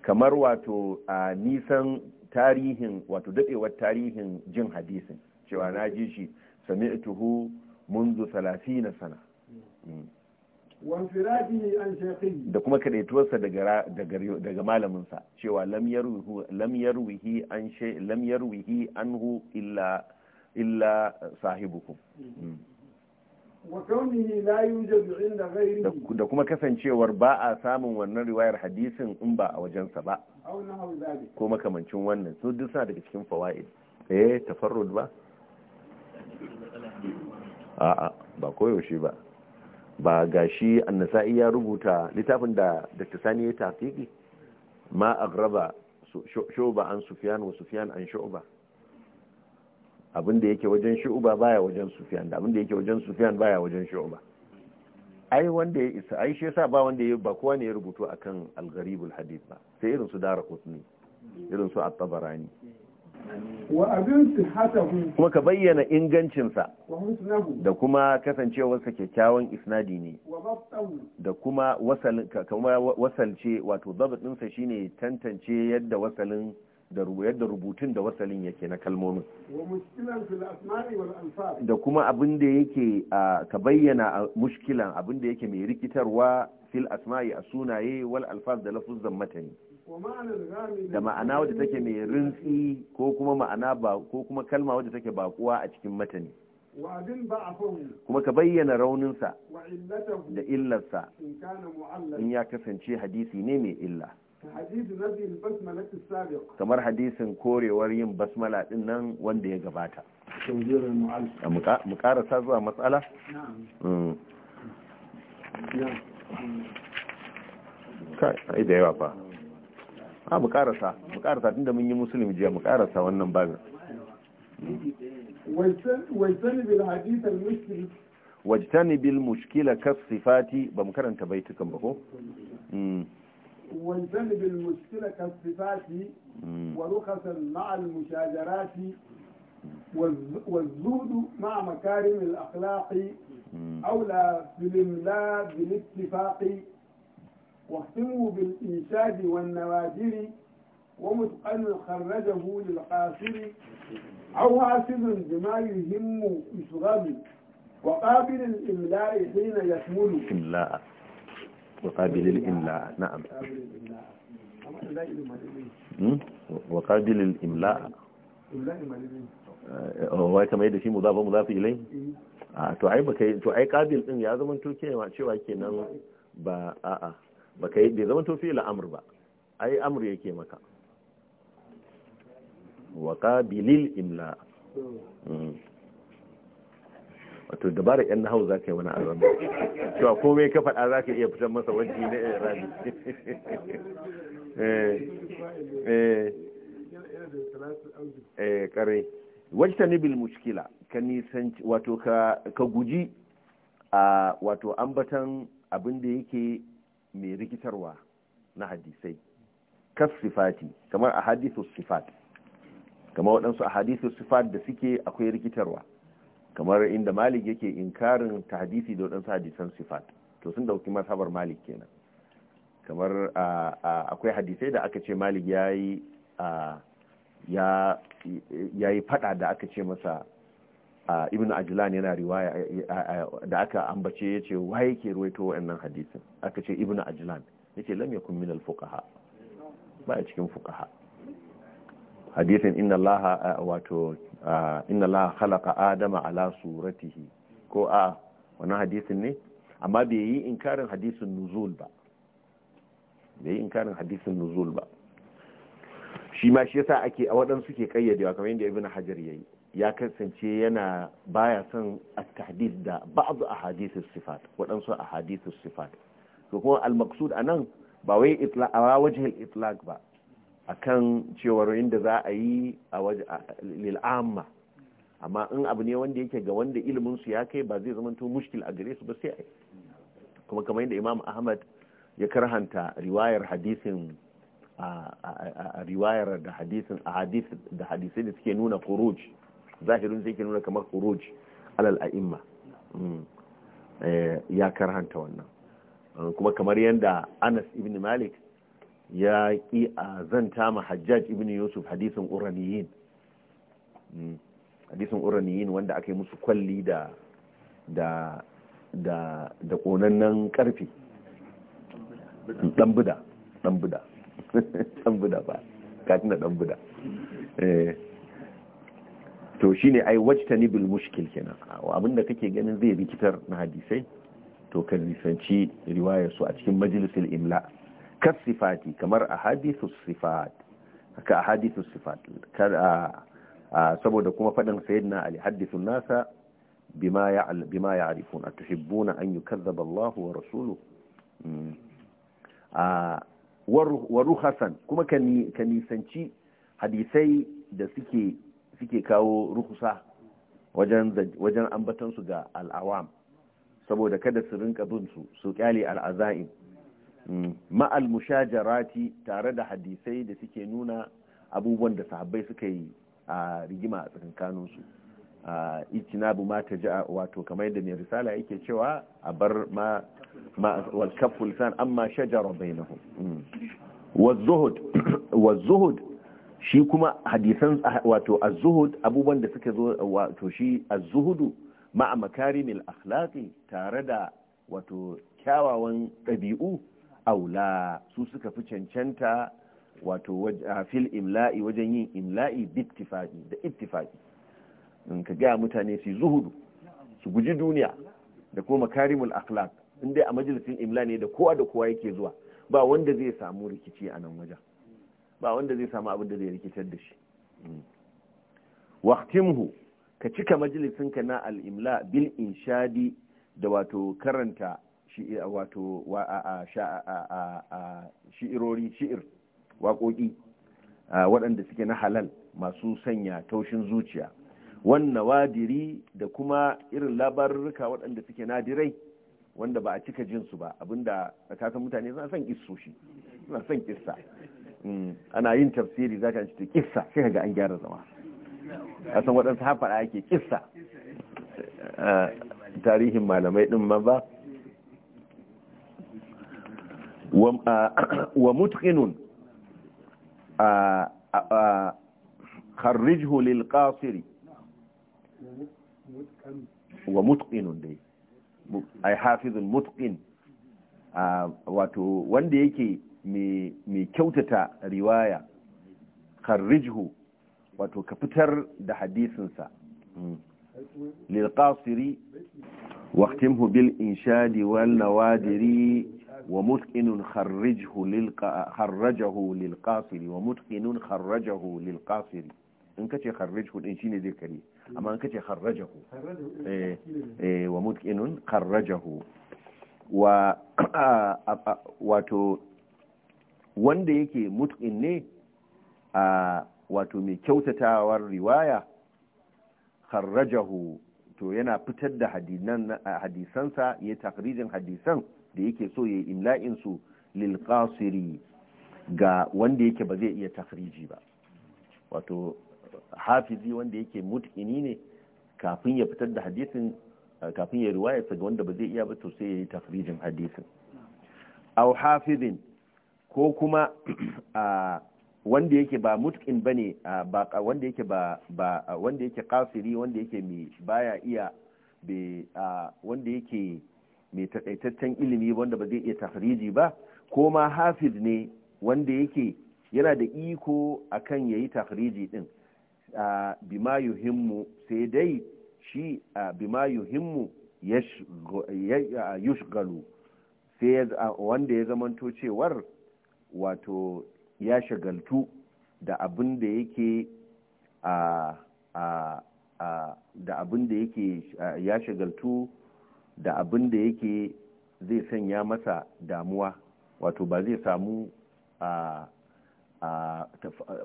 kamar wato a nisan tarihin wato dadewar tarihin jin hadisin cewa na ji shi sami'tuhu منذ 30 sana mm. da kuma kadaituwarsa daga malaminsa cewa lam yarwihi an anhu illa sahibukum mm. mm. da kuma kasancewar ba a samun wannan riwayar hadisin in ba a wajensa ba ko makamancin wannan su duk suna daga cikin fawa'id eh tafarrud ba a'a ba koyaushe ba ba gashi annasa'i ya rubuta littafin da Dr. Sani ya tafiƙi ma agraba sho'ba an sufiyan wa sufiyan an sho'ba. abin da yake wajen shu'uba baya wajen sufiyan da abin da yake wajen sufiyan baya wajen shu'uba ai wanda ya isa ai shi yasa ba wanda ya ba kowa ne ya rubutu akan al-gharibul hadith ba sai irin su dara kutni irin su at-tabarani wa abin sihhatahu kuma ka bayyana ingancin sa da kuma kasancewar sa kyakkyawan isnadi ne da kuma wasal kuma wasalce wato dabbin sa shine tantance yadda wasalin da yadda rubutun da wasalin yake na kalmomin da kuma abin da yake ka bayyana mushkilan abin da yake mai rikitarwa fil asma'i a sunaye wal alfaz da lafuzan matani da ma'ana wadda take mai rintsi ko kuma ma'ana ba ko kuma kalma wadda take bakuwa a cikin matani kuma ka bayyana rauninsa da illarsa in ya kasance hadisi ne mai illa kamar hadisin korewar yin basmala din nan wanda ya gabata mu karasa zuwa matsala? Mm. kai da yawa fa a mu karasa mu karasa tunda mun yi musulmi jiya mu karasa wannan bazin wajtani bil mushkila kas sifati ba mu karanta baitukan ba ko mm. واجتنب المشكلة كالصفات ورخصا مع المشاجرات والزود مع مكارم الأخلاق أولى في الإملاء بالاتفاق واختموا بالإنشاد والنوادر ومتقن خرجه للقاصر أو حاسد بما يهم إشغال وقابل الإملاء حين يكمل وقابل الإملاء نعم وقابل الإملاء wai kamar yadda shi muzafa muzafi ilai a to ai baka to ai qabil din ya zama to cewa cewa kenan ba a a baka bai zama to fi'il amr ba ai amr yake maka wa qabilil imla wato dabarar yan nahau za ka yi wani arabi cewa komai ka faɗa za ka iya fitar masa wajen na irabi eh kare eh, eh, wajta ni bil ka nisan wato ka guji a wato ambatan abin da yake mai rikitarwa na hadisai kas sifati kamar a hadisu sifat kamar waɗansu a hadisu sifat da suke akwai rikitarwa kamar inda malik yake inkarin hadisi da waɗansu hadisan sifat to sun ɗauki masabar malik kenan kamar akwai hadisai da aka ce malik ya yi ya fada da aka ce masa ibn ajilan yana riwaya da aka ambace ya ce wa yake ruwaito wa'annan hadisin aka ce ibn ajilan ya ce lam yakun min al-fuqaha ba cikin fuqaha hadisin inna allaha wato inna la khalaqa adama ala suratihi ko a wannan hadisin ne amma bai yi inkarin hadisin nuzul ba bai yi inkarin hadisin nuzul ba shi ma shi yasa ake a waɗansu ke kayyadewa kamar yadda ibn hajar yayi ya kasance yana baya son at-tahdid da ba'd ahadithus sifat waɗansu ahadithus sifat to kuma al-maqsud anan ba wai itla'a wajhi al itlaq ba akan cewar inda za a yi a lil'amma amma in abu ne wanda yake ga wanda ilimin su ya kai ba zai zama to mushkil a gare su ba sai kuma kamar yadda Imam Ahmad ya karhanta riwayar hadisin a riwayar da hadisin a hadis da hadisai da suke nuna khuruj zahirin zai ke nuna kamar khuruj alal a'imma mm. eh, ya karhanta wannan kuma kamar yadda Anas ibn Malik ya ƙi a zanta ma hajjaj ibn yusuf hadisin uraniyin hmm. hadisin uraniyin wanda aka yi musu kwalli da da da da ƙonannen ƙarfi ɗan buda ɗan buda ɗan buda ba katina ɗan buda eh. to shine ai wajta ni bil mushkil kenan abinda kake ganin zai rikitar na hadisai to kan nisanci riwayar su a cikin majalisar imla' kasifati kamar a sifat haka a sifat saboda kuma faɗin sayyidina ali hadithun nasa bima ya bima ya arifun atuhibbuna an yukazzaba Allah wa rasuluhu a wa kuma kanisanci hadisai da suke kawo ruhusa wajen wajen ambatansu ga al'awam saboda kada su rinka bin su su kyale al'aza'in Mm. ma'al mushajarati tare da hadisai da suke nuna abubuwan da sahabbai suka yi a rigima a tsakanin su bu mata taja'a wato kamar yadda mai risala yake cewa a bar ma wal kaffu san amma shajara bainahum mm. wazuhud wazuhud wa zuhud shi kuma hadisan wato az-zuhud abubuwan da suka zo wato shi az-zuhudu ma'a makarimil akhlaqi tare da wato kyawawan ɗabi'u aula su suka fi cancanta wato fil imla'i wajen yin imla'i bittifaqi da ittifaqi in ka ga mutane su zuhudu su guji duniya da kuma makarimul akhlaq inda a majalisin imla ne da kowa da kowa yake zuwa ba wanda zai samu rikici a nan wajen ba wanda zai samu abin da zai rikitar da shi mm. waqtimhu ka cika majalisinka na al-imla bil inshadi da wato karanta wato wa a shi'irori shi'ir waƙoƙi waɗanda suke na halal masu sanya taushin zuciya wannan wadiri da kuma irin labarurruka waɗanda suke nadirai wanda ba a cika jin su ba abinda kasan mutane suna son kisso shi suna son kissa mm, ana yin tafsiri za ka ci kissa sai ga an gyara zama a san waɗansu hafaɗa ake kissa eh, tarihin malamai ɗin ma ba Ah, wa mutqinun ah, ah, kharrijhu lil qasiri wa mutqinun dai ai hafizun mutqin wato wanda yake mai kyautata riwaya kharrijhu wato ka da hadisinsa hmm. lil qasiri inshadi wal nawadiri wa mutqinun kharrajahu lil kharrajahu lil wa mutqinun kharrajahu lil qasiri in kace kharrajahu din shine zai kare amma in kace kharrajahu eh wa mutqinun kharrajahu wato wanda yake mutqin ne wato mai kyautatawar riwaya kharrajahu to yana fitar da hadisansa ya takrijin hadisan da yake so ya yi imla'in su lil qasiri ga wanda yake ba zai iya tafriji ba wato hafizi wanda yake mutqini ne kafin ya fitar da hadisin kafin ya riwaya ga wanda ba zai iya ba to sai ya yi tafrijin hadisin aw hafizin ko kuma wanda yake ba mutqin bane ba wanda yake ba wanda yake kafiri wanda yake mai baya iya wanda yake mai takaitaccen ilimi wanda ba zai iya tahriji ba ko ma hafiz ne wanda yake yana da iko akan yayi tahriji din bima yuhimmu sai dai shi a bima yuhimmu yushgalu sai wanda ya zamanto cewar wato ya shagaltu da abin da yake a da abin da yake ya shagaltu da abin da yake zai sanya masa damuwa wato ba zai samu a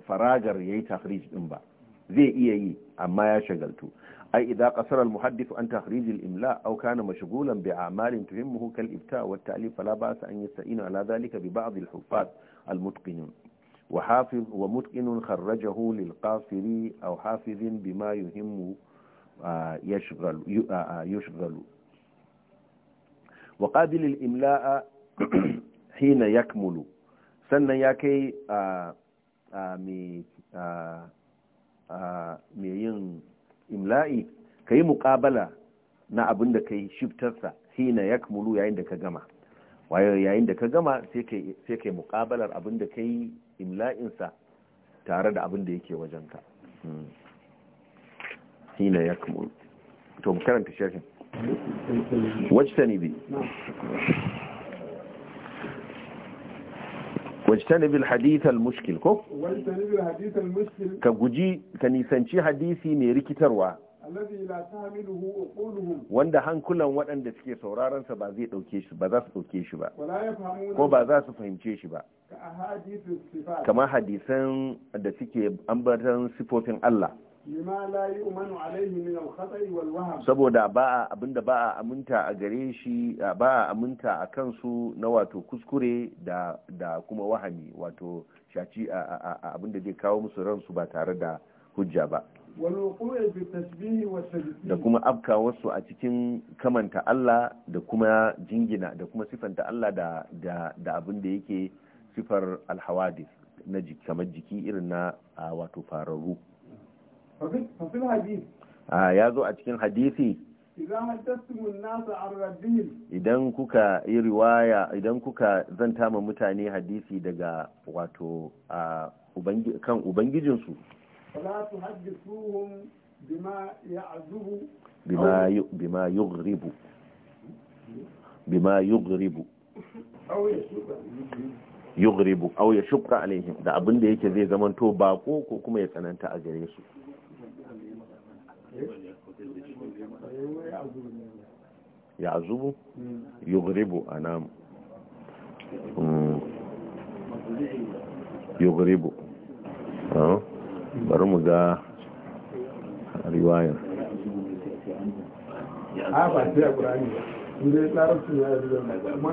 faragar ya yi tahrij din ba zai iya yi amma ya shagaltu ai idan kasar al an tahrij imla aw kana mashghulan bi a'malin tuhimmuhu kal ibta wa talif fala sa an yasta'ina ala dhalika bi ba'd al-huffaz al-mutqinin wa hafiz wa mutqinun kharrajahu lil qasiri aw hafizin bima yuhimmu yashghalu wa qabilil imla'a hina yakmulu sannan ya kai a mai yin imla'i ka yi muƙabala na abin da ka yi shiftarsa hina ya kamulu yayin da ka gama wayo yayin da ka gama sai ka yi muƙabalar abin da ka yi imla'insa tare da abin da yake wajenka hmm. hina ya kamulu to mu karanta shirkin wajtanibi wajtanibi alhadith almushkil ko ka guji ka nisanci hadisi mai rikitarwa wanda hankulan waɗanda suke sauraron sa ba za su dauke shi ba ko ba za su fahimce shi ba kamar hadisan da suke ambatan sifofin Allah saboda ba a abinda ba a aminta a gare shi ba a aminta a kansu na wato kuskure da kuma wahami wato shaci abinda zai kawo musu ransu ba tare da hujja ba da kuma afkawarsu a cikin kamanta Allah da kuma jingina da kuma sifanta Allah da da abin da yake sifar alhawadis na kamar jiki irin na wato fararru Ah, ya zo a cikin hadisi idan kuka yi riwaya idan kuka zanta ma mutane hadisi daga wato kan ubangijinsu bima yugribu bima yugribu yugribu au ya shukka alaihim da abin da yake zai zamanto bako ko kuma ya tsananta a gare su ya azubu hmm. yugribu anam hmm. yugribu bari mu ga riwayar a ba sai a inda ya su ya zuwa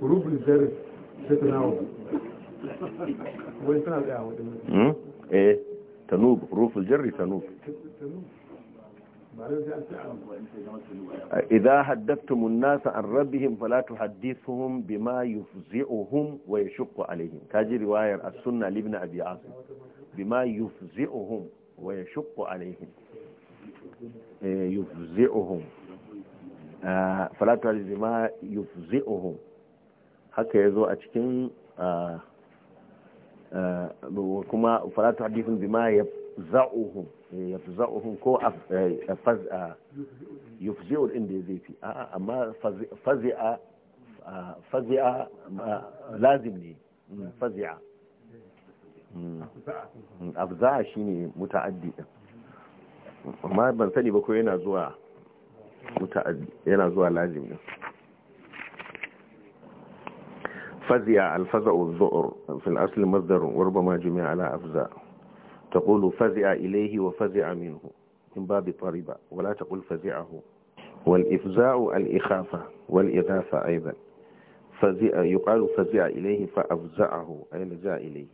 rubin ta wani suna tsaye a hmm? eh tanub rufin tanub إذا حدثتم الناس عن ربهم فلا تحدثهم بما يفزئهم ويشق عليهم كاجي رواية السنة لابن أبي عاصم بما يفزئهم ويشق عليهم يفزئهم فلا تحدث بما يفزئهم haka ya zo وكما فلا تحدثهم بما يفزئهم yafza'uhum ko faz'a yufzi'u din da zai a'a amma fazi'a fazi'a lazim ne fazi'a afza'a shine muta'addi din amma ban sani ba ko yana zuwa muta'addi yana zuwa lazim ne فزع الفزع الذعر في الأصل مصدر وربما جمع على أفزع تقول فزع إليه وفزع منه من باب طريبة ولا تقول فزعه والإفزاع الإخافة والإغاثة أيضا فزع يقال فزع إليه فأفزعه أي لجا إليه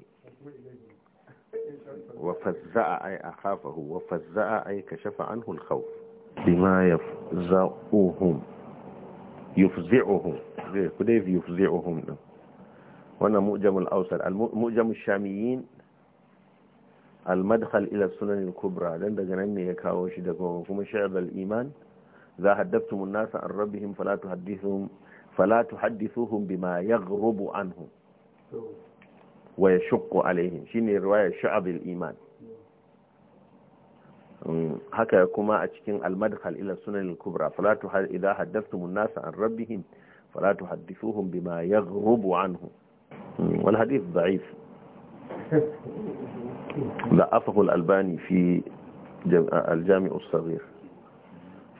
وفزع أي أخافه وفزع أي كشف عنه الخوف بما يفزعهم يفزعهم كده يفزعهم وانا مؤجم الأوسط المؤجم الشاميين المدخل إلى السنن الكبرى لن دقنني يكاوش دقوم كما شعب الإيمان ذا حدثتم الناس عن ربهم فلا تحدثهم فلا تحدثوهم بما يغرب عنهم ويشق عليهم شيني رواية شعب الإيمان haka kuma a cikin إلى ila sunan al-kubra fala tu idha haddathtum an-nasa an rabbihim fala tuhaddithuhum bima yaghrubu wal hadith da'if ضعفه الألباني في الجامع الصغير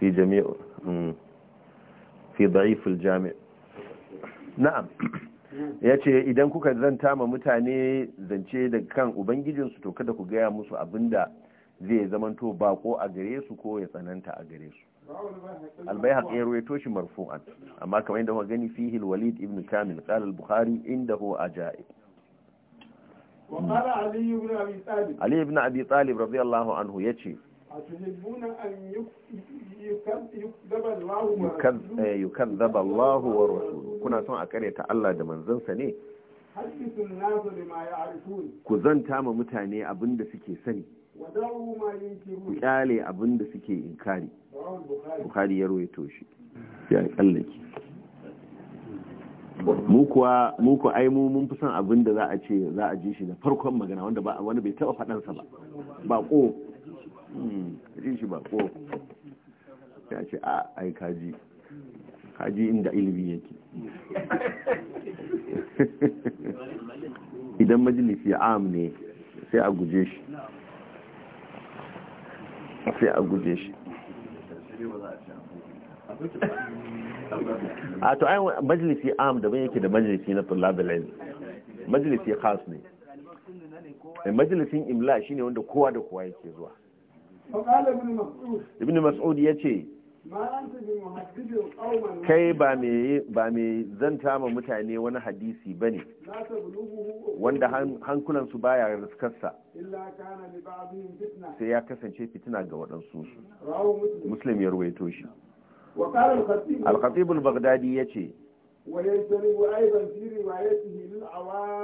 في جميع في ضعيف الجامع na'am ya ce idan kuka zanta ma mutane zance da kan ubangijinsu to kada ku gaya musu abinda zai zamanto bako a gare su ko ya tsananta a gare su albai haƙe ruwaito toshi marfu'an amma kamar yadda kuka gani fihil walid ibn kamil qala al-bukhari indahu ajaib Ali ibn Abi Talib radiyallahu anhu ya ce, zaba Allah wa rasulu kuna son a karyata Allah da manzansa ne ku zanta ma mutane abin suke sani ku kyale abinda suke inkari Bukhari ya ruwaito shi ya tsallake mu kuwa mu ai mun fi son abin da za a ce za a ji shi da farkon magana wanda ba wani bai taba faɗan sa ba ba hmm, ko ji shi ba ko ya ce a ai kaji kaji inda ilimi yake idan majalisi am ne sai a guje shi sai a guje shi a to ai majalisi am daban yake da majalisi na tullabul ilm majalisi khas ne eh, majalisin imla shine wanda kowa da kowa yake zuwa ibn mas'ud yace kai ba me mai zanta ma mutane wani hadisi ba ne wanda hankulansu baya riskarsa sai ya kasance fitina ga waɗansu muslim ya ruwaito shi الخطيب البغدادي al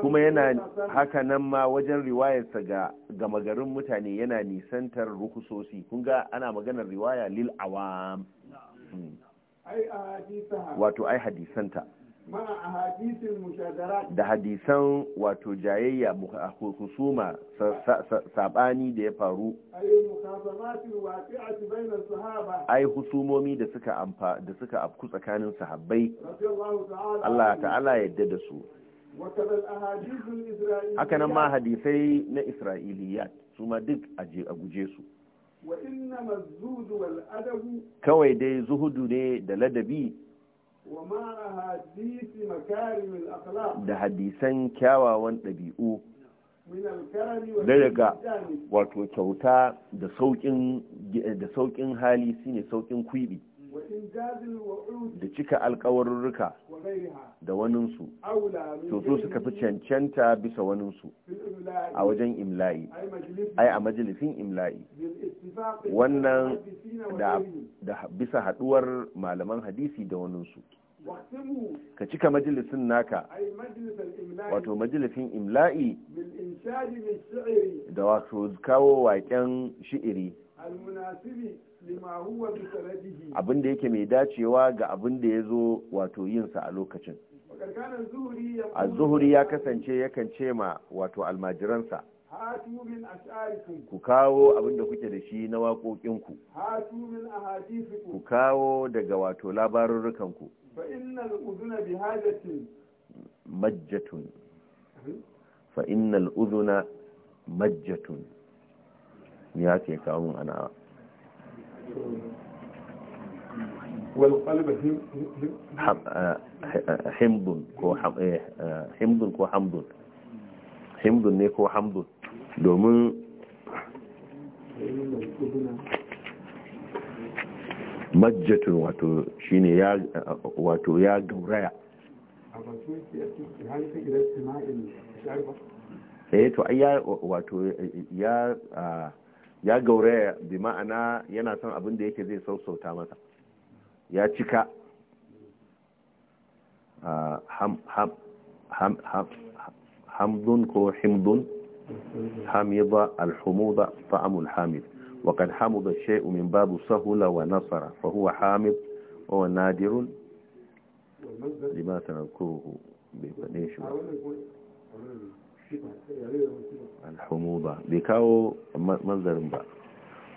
kuma yana haka nan ma wajen riwayarsa ga gama garin mutane yana nisantar rukusosi kun ga ana maganar riwaya lil awam wato ai hadisanta da hadisan wato jayayya husuma sabani da ya faru ai husumomi da suka afku tsakanin sahabbai Allah ta'ala yadda da su haka nan ma hadisai na isra'iliyat su ma duk a guje su kawai dai zuhudu ne da ladabi da hadisan kyawawan ɗabi'u da daga wato kyauta da sauƙin hali shine sauƙin kwibi da cika alkawarurruka da waninsu to so suka fi cancanta bisa waninsu a wajen imla'i ai a majalisin imla'i wannan da bisa haduwar malaman hadisi da waninsu ka cika majalisin naka wato majalisin imla'i da wato kawo waƙen shi'iri abin da yake mai dacewa ga abin da ya zo wato yinsa a lokacin a zuhuri ya kasance yakan ce ma wato almajiransa ku kawo abinda kuke da shi na waƙoƙinku ku kawo daga wato labarurrukan rukanku. fa innal majjatun eh? fa innal majjatun ni ya ce kawo ana eh, eh, himbun ko hamdun himbun ne ko hamdun domin majjatun wato shi ya wato ya gauraya ya eh, to ya wato ya gauraya bi ma'ana yana son abin da yake zai sausauta masa ya cika ah, hamdun ko himdun حمض الحموض طعم الحامض وقد حمض الشيء من باب سهل ونصر فهو حامض وهو نادر لما تنكره بفنيش الحموضة بكاو منظر با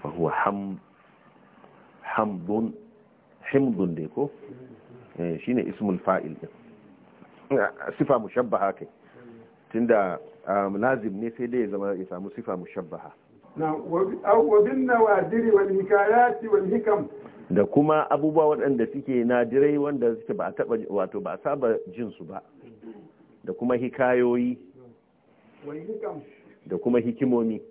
فهو حمض حمض حمض ديكو إيه، شين اسم الفائل صفة مشبهة كي tunda um, lazim ne sai dai ya zama ya samu sifa mushabbaha wabin nawadiri wal hikayati wal hikam da kuma abubuwa waɗanda suke nadirai wanda suke ba taba wato ba saba jin su ba da kuma hikayoyi da kuma hikimomi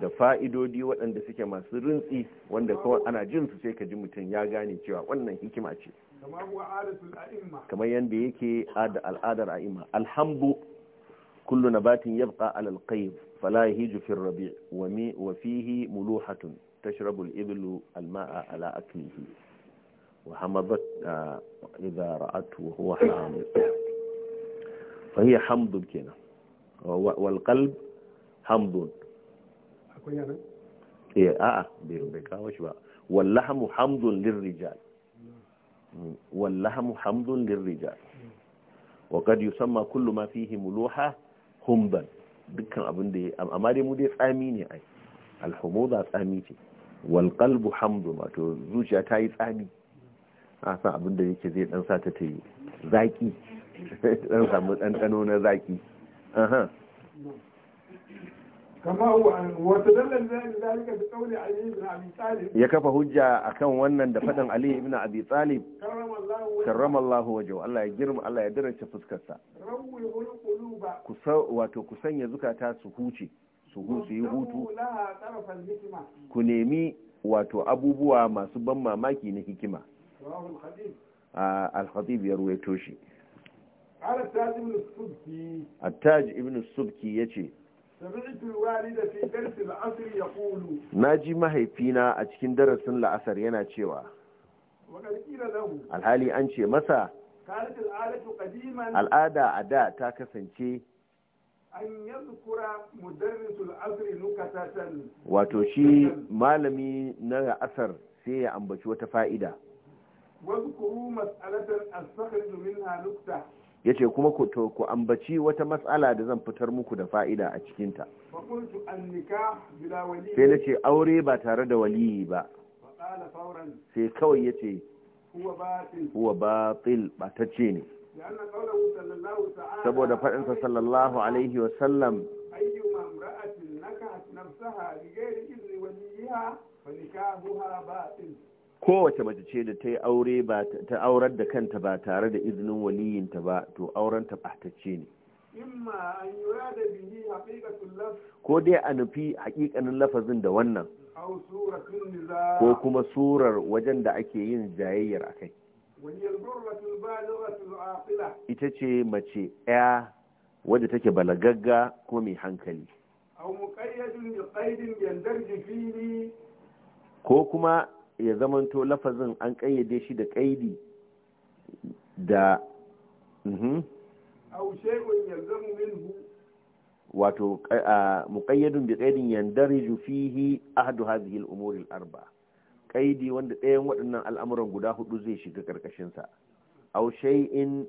da fa'idodi waɗanda suke masu rintsi wanda kawai ana jin su sai ka ji mutum ya gane cewa wannan hikima ce kamar yadda yake da al'adar a'ima alhambu kullu nabatin yabqa alal qayb fala yahiju fi rabi' wa mi wa fihi muluhatun tashrabu al-iblu al-ma'a ala aklihi wa hamadat idha ra'atu wa huwa hamid fa hiya hamdun kenan wal qalb hamdun eh a'a bai kawo shi ba wallahamu hamdun lirrijal mm, wallahamu hamdun lirrijal wa kad yusamma kullu ma fihi muluha humban dukkan abin da amma dai mu dai tsami ne ai alhumuda tsami ce wal qalbu hamdun wato zuciya ta yi tsami a san abin da yake zai dan sata ta yi zaki dan samu ɗanɗano na zaki aha ya kafa hujja a kan wannan da faɗin Ali ibn Abi Talib karramallahu waje Allah ya girma Allah ya fuskarsa wato ku sanya zukata su huce su huce yi hutu ku nemi wato abubuwa masu ban mamaki na hikima al-khatib ya ruwaito shi التاج ابن السبكي يتي na ji mahaifina a cikin darasin la'asar yana cewa alhali an ce masa al'ada a da ta kasance wato shi malami na la'asar sai ya ambaci wata fa'ida ya ce kuma ku to ku ambaci wata matsala da zan fitar muku da fa'ida a cikinta sai na ce aure ba tare da waliyi ba sai kawai ya ce huwa batil ce ne saboda faɗinsa sallallahu alaihi wasallam kowace mace ce da ta yi aure ba ta aurar da kanta ba tare da izinin waliyinta ba to auren ta ɓatacce ne ko dai a nufi haƙiƙanin lafazin da wannan ko kuma surar wajen da ake yin jayayyar a kai ita ce mace ɗaya wadda take balagagga ko mai hankali ko kuma ya zamanto lafazin an kayyade shi da kaidi da mhm. wato muƙayyadun bi ƙaidin yandariju fihi ahadu hadhihi al arba ƙaidi wanda ɗayan waɗannan al'amuran guda hudu zai shiga ƙarƙashinsa sa aw shay'in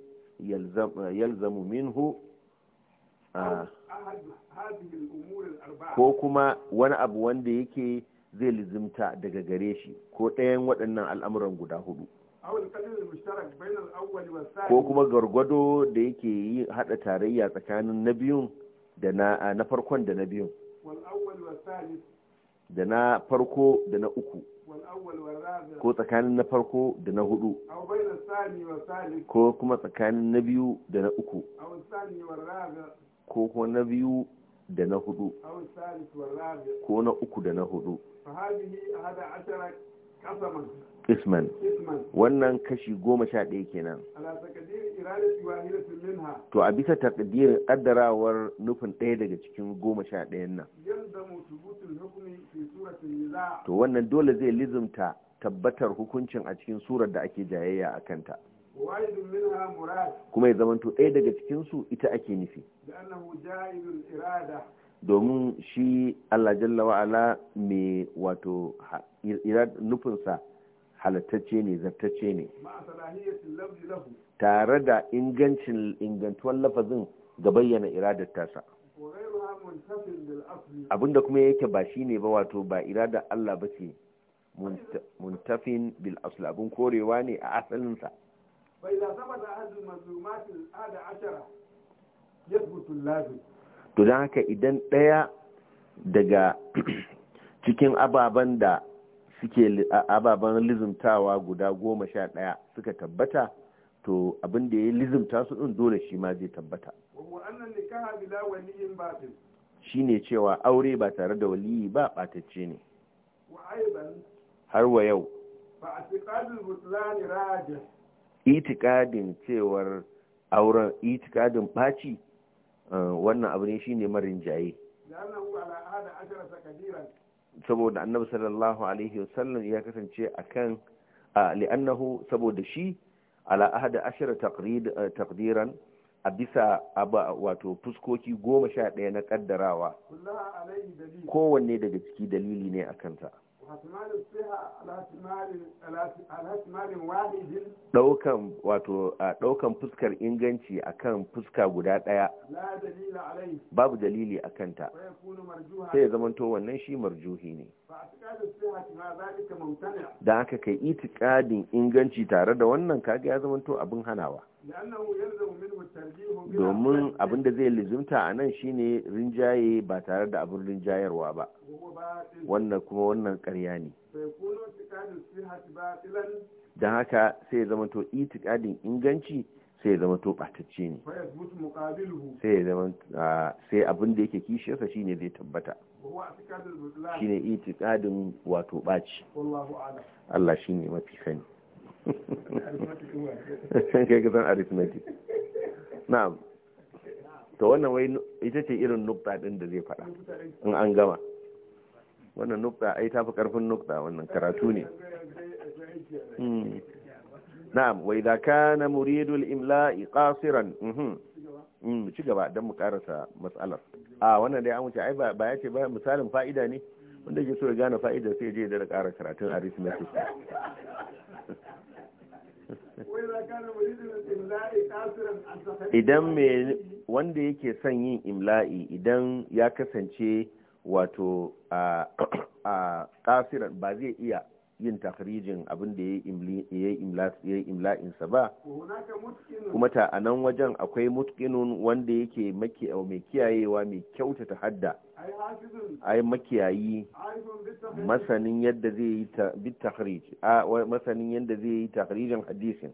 yalzamu minhu ko kuma wani abu wanda yake zai lizimta daga gare shi ko ɗayan waɗannan al'amuran guda hudu ko kuma gargwado da yake yi haɗa tarayya tsakanin na biyun da na farkon da na biyun da na farko da na uku ko tsakanin na farko da na hudu ko kuma tsakanin na biyu da na uku ko kuma na biyu da na hudu ko na uku da na hudu isman wannan kashi goma sha ɗaya kenan to a bisa takdirin ƙaddarawar nufin ɗaya daga cikin goma sha dayan nan to wannan dole zai lizumta tabbatar hukuncin a cikin surar da ake jayayya a kanta kuma ya zamanto ɗaya daga cikinsu ita ake nufi domin shi Allah jalla wa'ala mai wato nufinsa halattacce ne zartacce ne tare da ingancin ingantuwar lafazin ga bayyana iradar tasa abinda kuma yake ba shi ne ba wato ba iradar Allah ba ce muntafin bil abin korewa ne a asalinsa فإذا ثبت أحد المظلومات الأحد عشرة يثبت اللازم to don haka idan ɗaya daga cikin ababen da suke ababen lizimtawa guda goma sha ɗaya suka tabbata to abin da ya lizimta su ɗin dole shi ma zai tabbata shi ne cewa aure ba tare da waliyi ba ɓatacce ne har wa yau ba a itikadin cewar auren itikadin faci eh, wannan abu ne shi ne marin jaye saboda annabi sallallahu alaihi wasallam ya kasance akan li'annahu saboda shi ala ahada ashara eh, taqdiran a bisa wato fuskoki goma sha ɗaya na kaddarawa. kowanne daga ciki dalili ne a kanta. ɗaukan wato a ɗaukan fuskar inganci akan fuska guda ɗaya babu dalili a kanta sai ya zamanto wannan shi marjuhi ne da aka kai itikadin inganci tare da wannan kaga ya zamanto abin hanawa domin abin da zai lizimta a nan shine rinjaye ba tare da abin rinjayarwa ba wannan kuma wannan karya ne don haka sai ya to itikadin inganci sai ya to ɓatacce ne sai ya zama sai abin da yake kishiyarsa shine zai tabbata shine itikadin wato ɓaci Allah shine mafi sani kai ka san arithmetic na'am to wannan wai ita ce irin nukta din da zai faɗa in an gama wannan nukta ai tafi karfin nukta wannan karatu ne hmm. na'am wa idza kana muridu al-imla'i uhm. hmm, ci gaba don mu karasa matsalar a wannan dai an wuce ai ba ya ce ba misalin fa'ida ne wanda ke so ya gane fa’ida sai je da ƙara karatun arithmetic idan wanda yake son yin imla'i idan ya kasance wato a kasiran ba zai iya yin takrijin abin da ya yi imla'insa ba kuma ta a nan wajen akwai mutkinun wanda yake mai kiyayewa mai kyautata hadda ai makiyayi masanin yadda zai yi bitahrij a masanin yadda zai yi tahrijin hadisin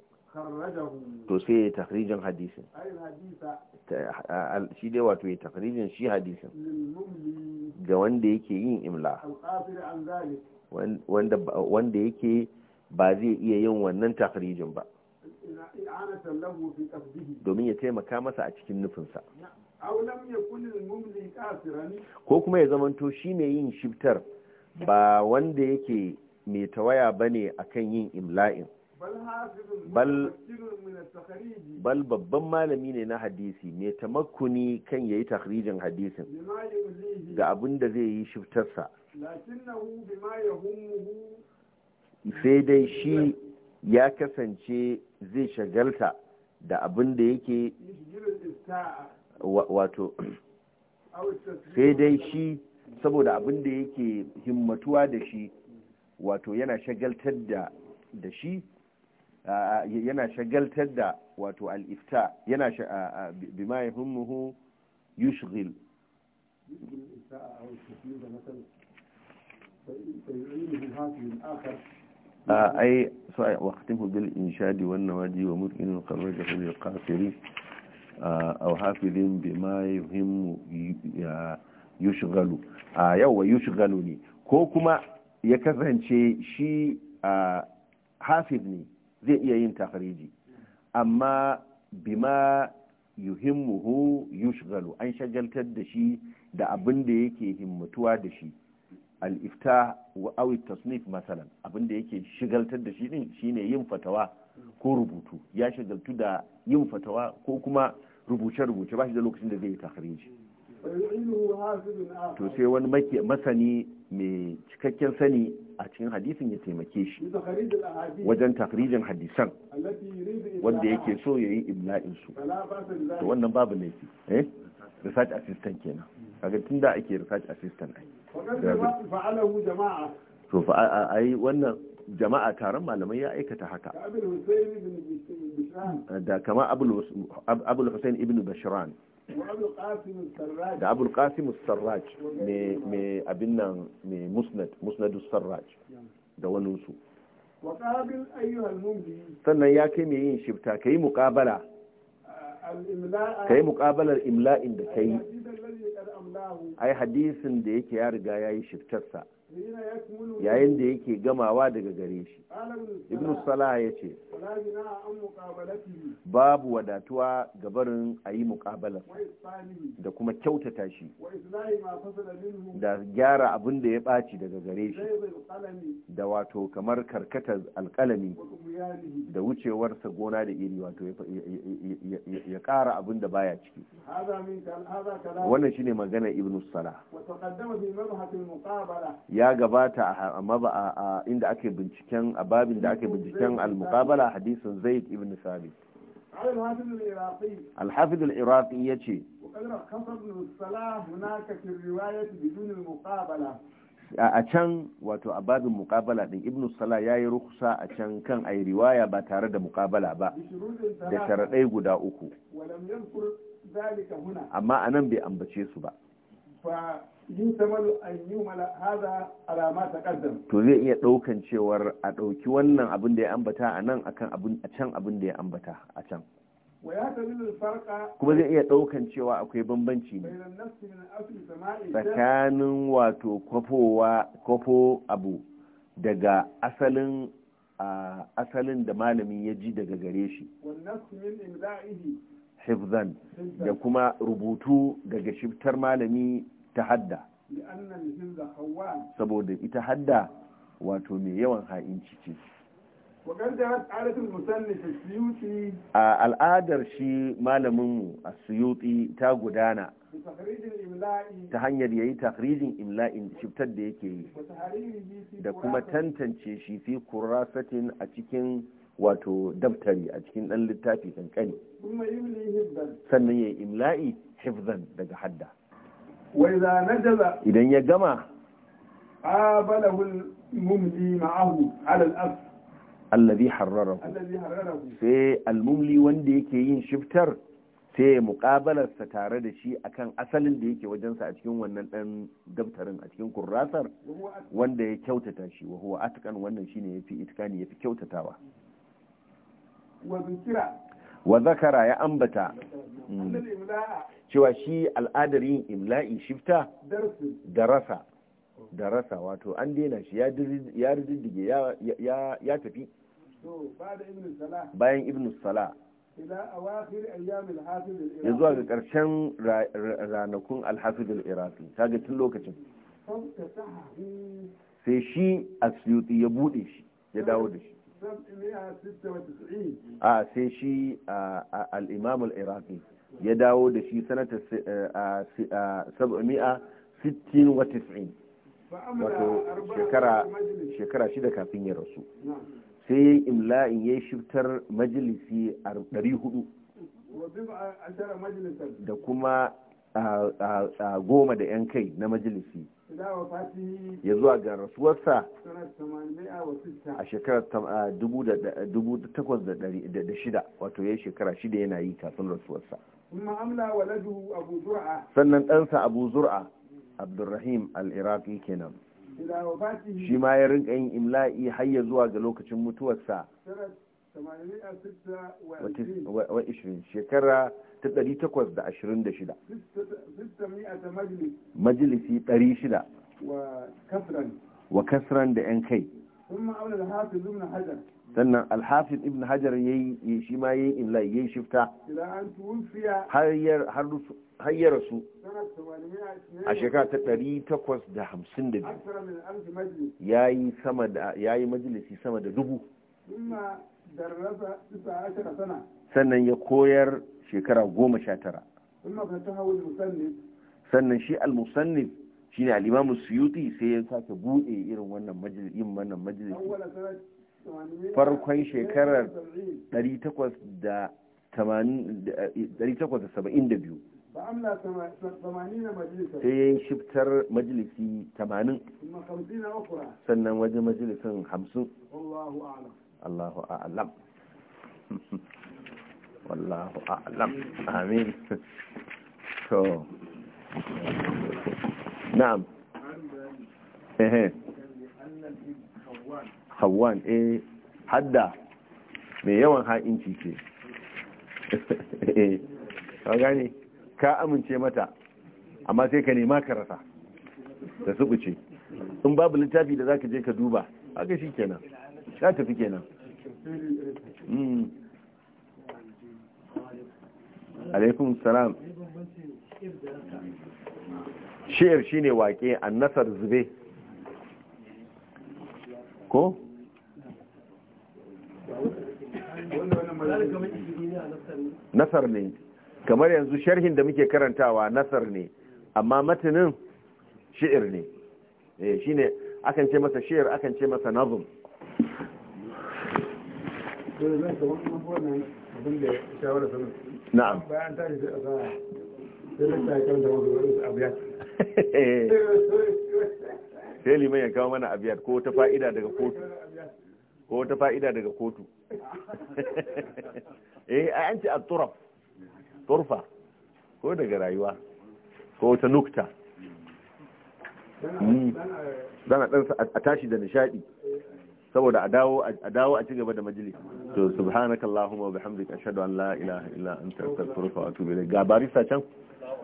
to sai ya tahrijin hadisin shi dai wato ya takirijin shi hadisin ga wanda yake yin imla wanda yake ba zai iya yin wannan takrijin ba domin ya taimaka masa a cikin nufinsa ko kuma ya zamanto shi mai yin shiftar ba wanda yake mai tawaya bane akan yin imla'in bal babban malami ne na hadisi mai tamakkuni kan ya yi takhrijin hadisin ga abin da zai yi shiftarsa sai dai shi ya kasance zai shagalta da abin da yake wato sai dai shi saboda abin da yake himmatuwa da shi wato yana shagaltar da shi yana shagaltar da wato al'ifta yana bima ya yushigil a ai sai waqtihu bil inshadi wannan nawadi wa mutqin kharrajahu lil qasiri aw hafidin bima yuhimmu yushghalu a yawa yushghalu ne ko kuma ya kasance shi hafid ne zai iya yin tahriji amma bima yuhimmuhu yushghalu an shagaltar da shi da abin da yake himmatuwa da shi al ifta wa awi tasnif masalan abin da yake shigaltar da shi din shine yin fatawa ko rubutu ya shagaltu da yin fatawa ko kuma rubuce-rubuce ba shi da lokacin da zai yi takariji to sai wani masani mai cikakken sani a cikin hadisin ya taimake shi wajen takrijin hadisan wanda yake so ya yi imla'insu to wannan babu laifi eh research assistant kenan kaga tun da ake research assistant ai to fa ai wannan jama'a taron malamai ya aikata haka da kama abul husain ibn bashran da abul qasim sarraj mai abin nan mai musnad musnadu sarraj da waninsu sannan ya kai mai yin shifta ka yi muƙabala ka yi muƙabalar imla'in da ka yi ai hadisin da yake ya riga ya yi shiftarsa yayin da yake gamawa daga gare shi ibn salah ya ce babu wadatuwa ga barin a yi muƙabala da kuma kyautata shi da gyara abin da ya ɓaci daga gare shi da wato kamar karkatar alkalami da wucewarsa gona da iri wato ya ƙara abin da baya ciki wannan shine magana ibn salah ya ya gabata amma ba a inda ake binciken a babin da ake binciken al-muqabala hadisin zaid ibn sabit al-hafiz al-iraqi yace a can wato a babin muqabala din ibn ya yi rukhsa a can kan ayi riwaya ba tare da muqabala ba da sharadai guda uku amma anan bai ambace su ba yuhtamalu an yumala hadha alama ta taqaddam to zai iya daukan cewar a dauki wannan abin da ya ambata a nan akan abin a can abin da ya ambata a can kuma zai iya daukan cewa akwai bambanci ne tsakanin wato kwafowa kwafo abu daga asalin a asalin da malamin ya ji daga gare shi hifzan da kuma rubutu daga shiftar malami ta hadda saboda ita hadda wato mai yawan ha'inci ce a al'adar shi malaminmu a suyuti ta gudana ta hanyar yayi takrijin imla'in shiftar da yake yi da kuma tantance shi fi kurasatin a cikin wato daftari a cikin ɗan littafi kankani sannan ya yi imla'i hifzan daga hadda idan ya gama allazi harrarahu sai almumli wanda yake yin shiftar sai ya muƙabalarsa tare da shi akan asalin da yake wajensa a cikin wannan dan daftarin a cikin kurrasar wanda ya kyautata shi wa huwa atkan wannan shine yafi itkani yafi kyautatawa wa zakara ya ambata cewa shi al'adar yin imla'i shifta da rasa da rasa wato an daina shi ya rididdige ya tafi bayan ibn sala ya zuwa ga ƙarshen ranakun alhafidul iraki kaga tun lokacin sai shi a ya buɗe shi ya dawo da shi a sai shi al-imam iraki ya dawo da shi sanata eh, sab'ami'a sittin wa wato shekara shida kafin ya rasu sai ya yi imla'in ya yi shiftar majalisi a 400 da kuma goma da 'yan kai na majalisi ya zuwa ga rasuwarsa a shekarar 2006 wato ya yi shekara shida yana yi kafin rasuwarsa sannan ɗansa abu zur'a abdurrahim al-iraqi kenan shi ma ya rinka yin imla'i hayya zuwa ga lokacin mutuwarsa wa ishirin, shekara ta shida majalisi shida. wa kasran da 'yan kai sannan alhafin ibn hajar ya yi shi ma ya yi in laye shifta har ya rasu a shekara ta ɗari ya yi hamsin da ya yi majalisi sama da dubu sannan ya koyar shekara goma sha tara sannan shi al-musannif ne al imamu suyuti sai ya sake bude irin wannan majalisi yin wannan majalis farkon shekarar 872 sai ya yi shiftar majalisi 80 sannan wajen majalisin 50 Allahu a'alam wallahu a'alam amin to na'am ehe hawan eh hadda mai yawan ha'inci ce ka gane ka amince mata amma sai ka nema ka rasa ta subuce in babu littafi da zaka je ka duba haka shi kenan ka tafi kenan hmm. alaikun salam shi'ir shine wake nasar zube ko nasar ne kamar yanzu sharhin da muke karantawa nasar ne amma matanin shi'ir ne eh, shi ne akan ce masa shi'ir akan ce masa nazum na'am ta eh. sai liman ya kawo mana abiyar ko ta fa'ida daga kotu ko wata fa'ida daga kotu eh an ce at-turaf turfa ko daga rayuwa ko wata nukta zana hmm. dan a tashi da nishadi saboda a dawo a dawo a cigaba da majalis to subhanakallahumma wa bihamdika ashhadu an la ilaha illa anta astaghfiruka wa atubu ilayk ga can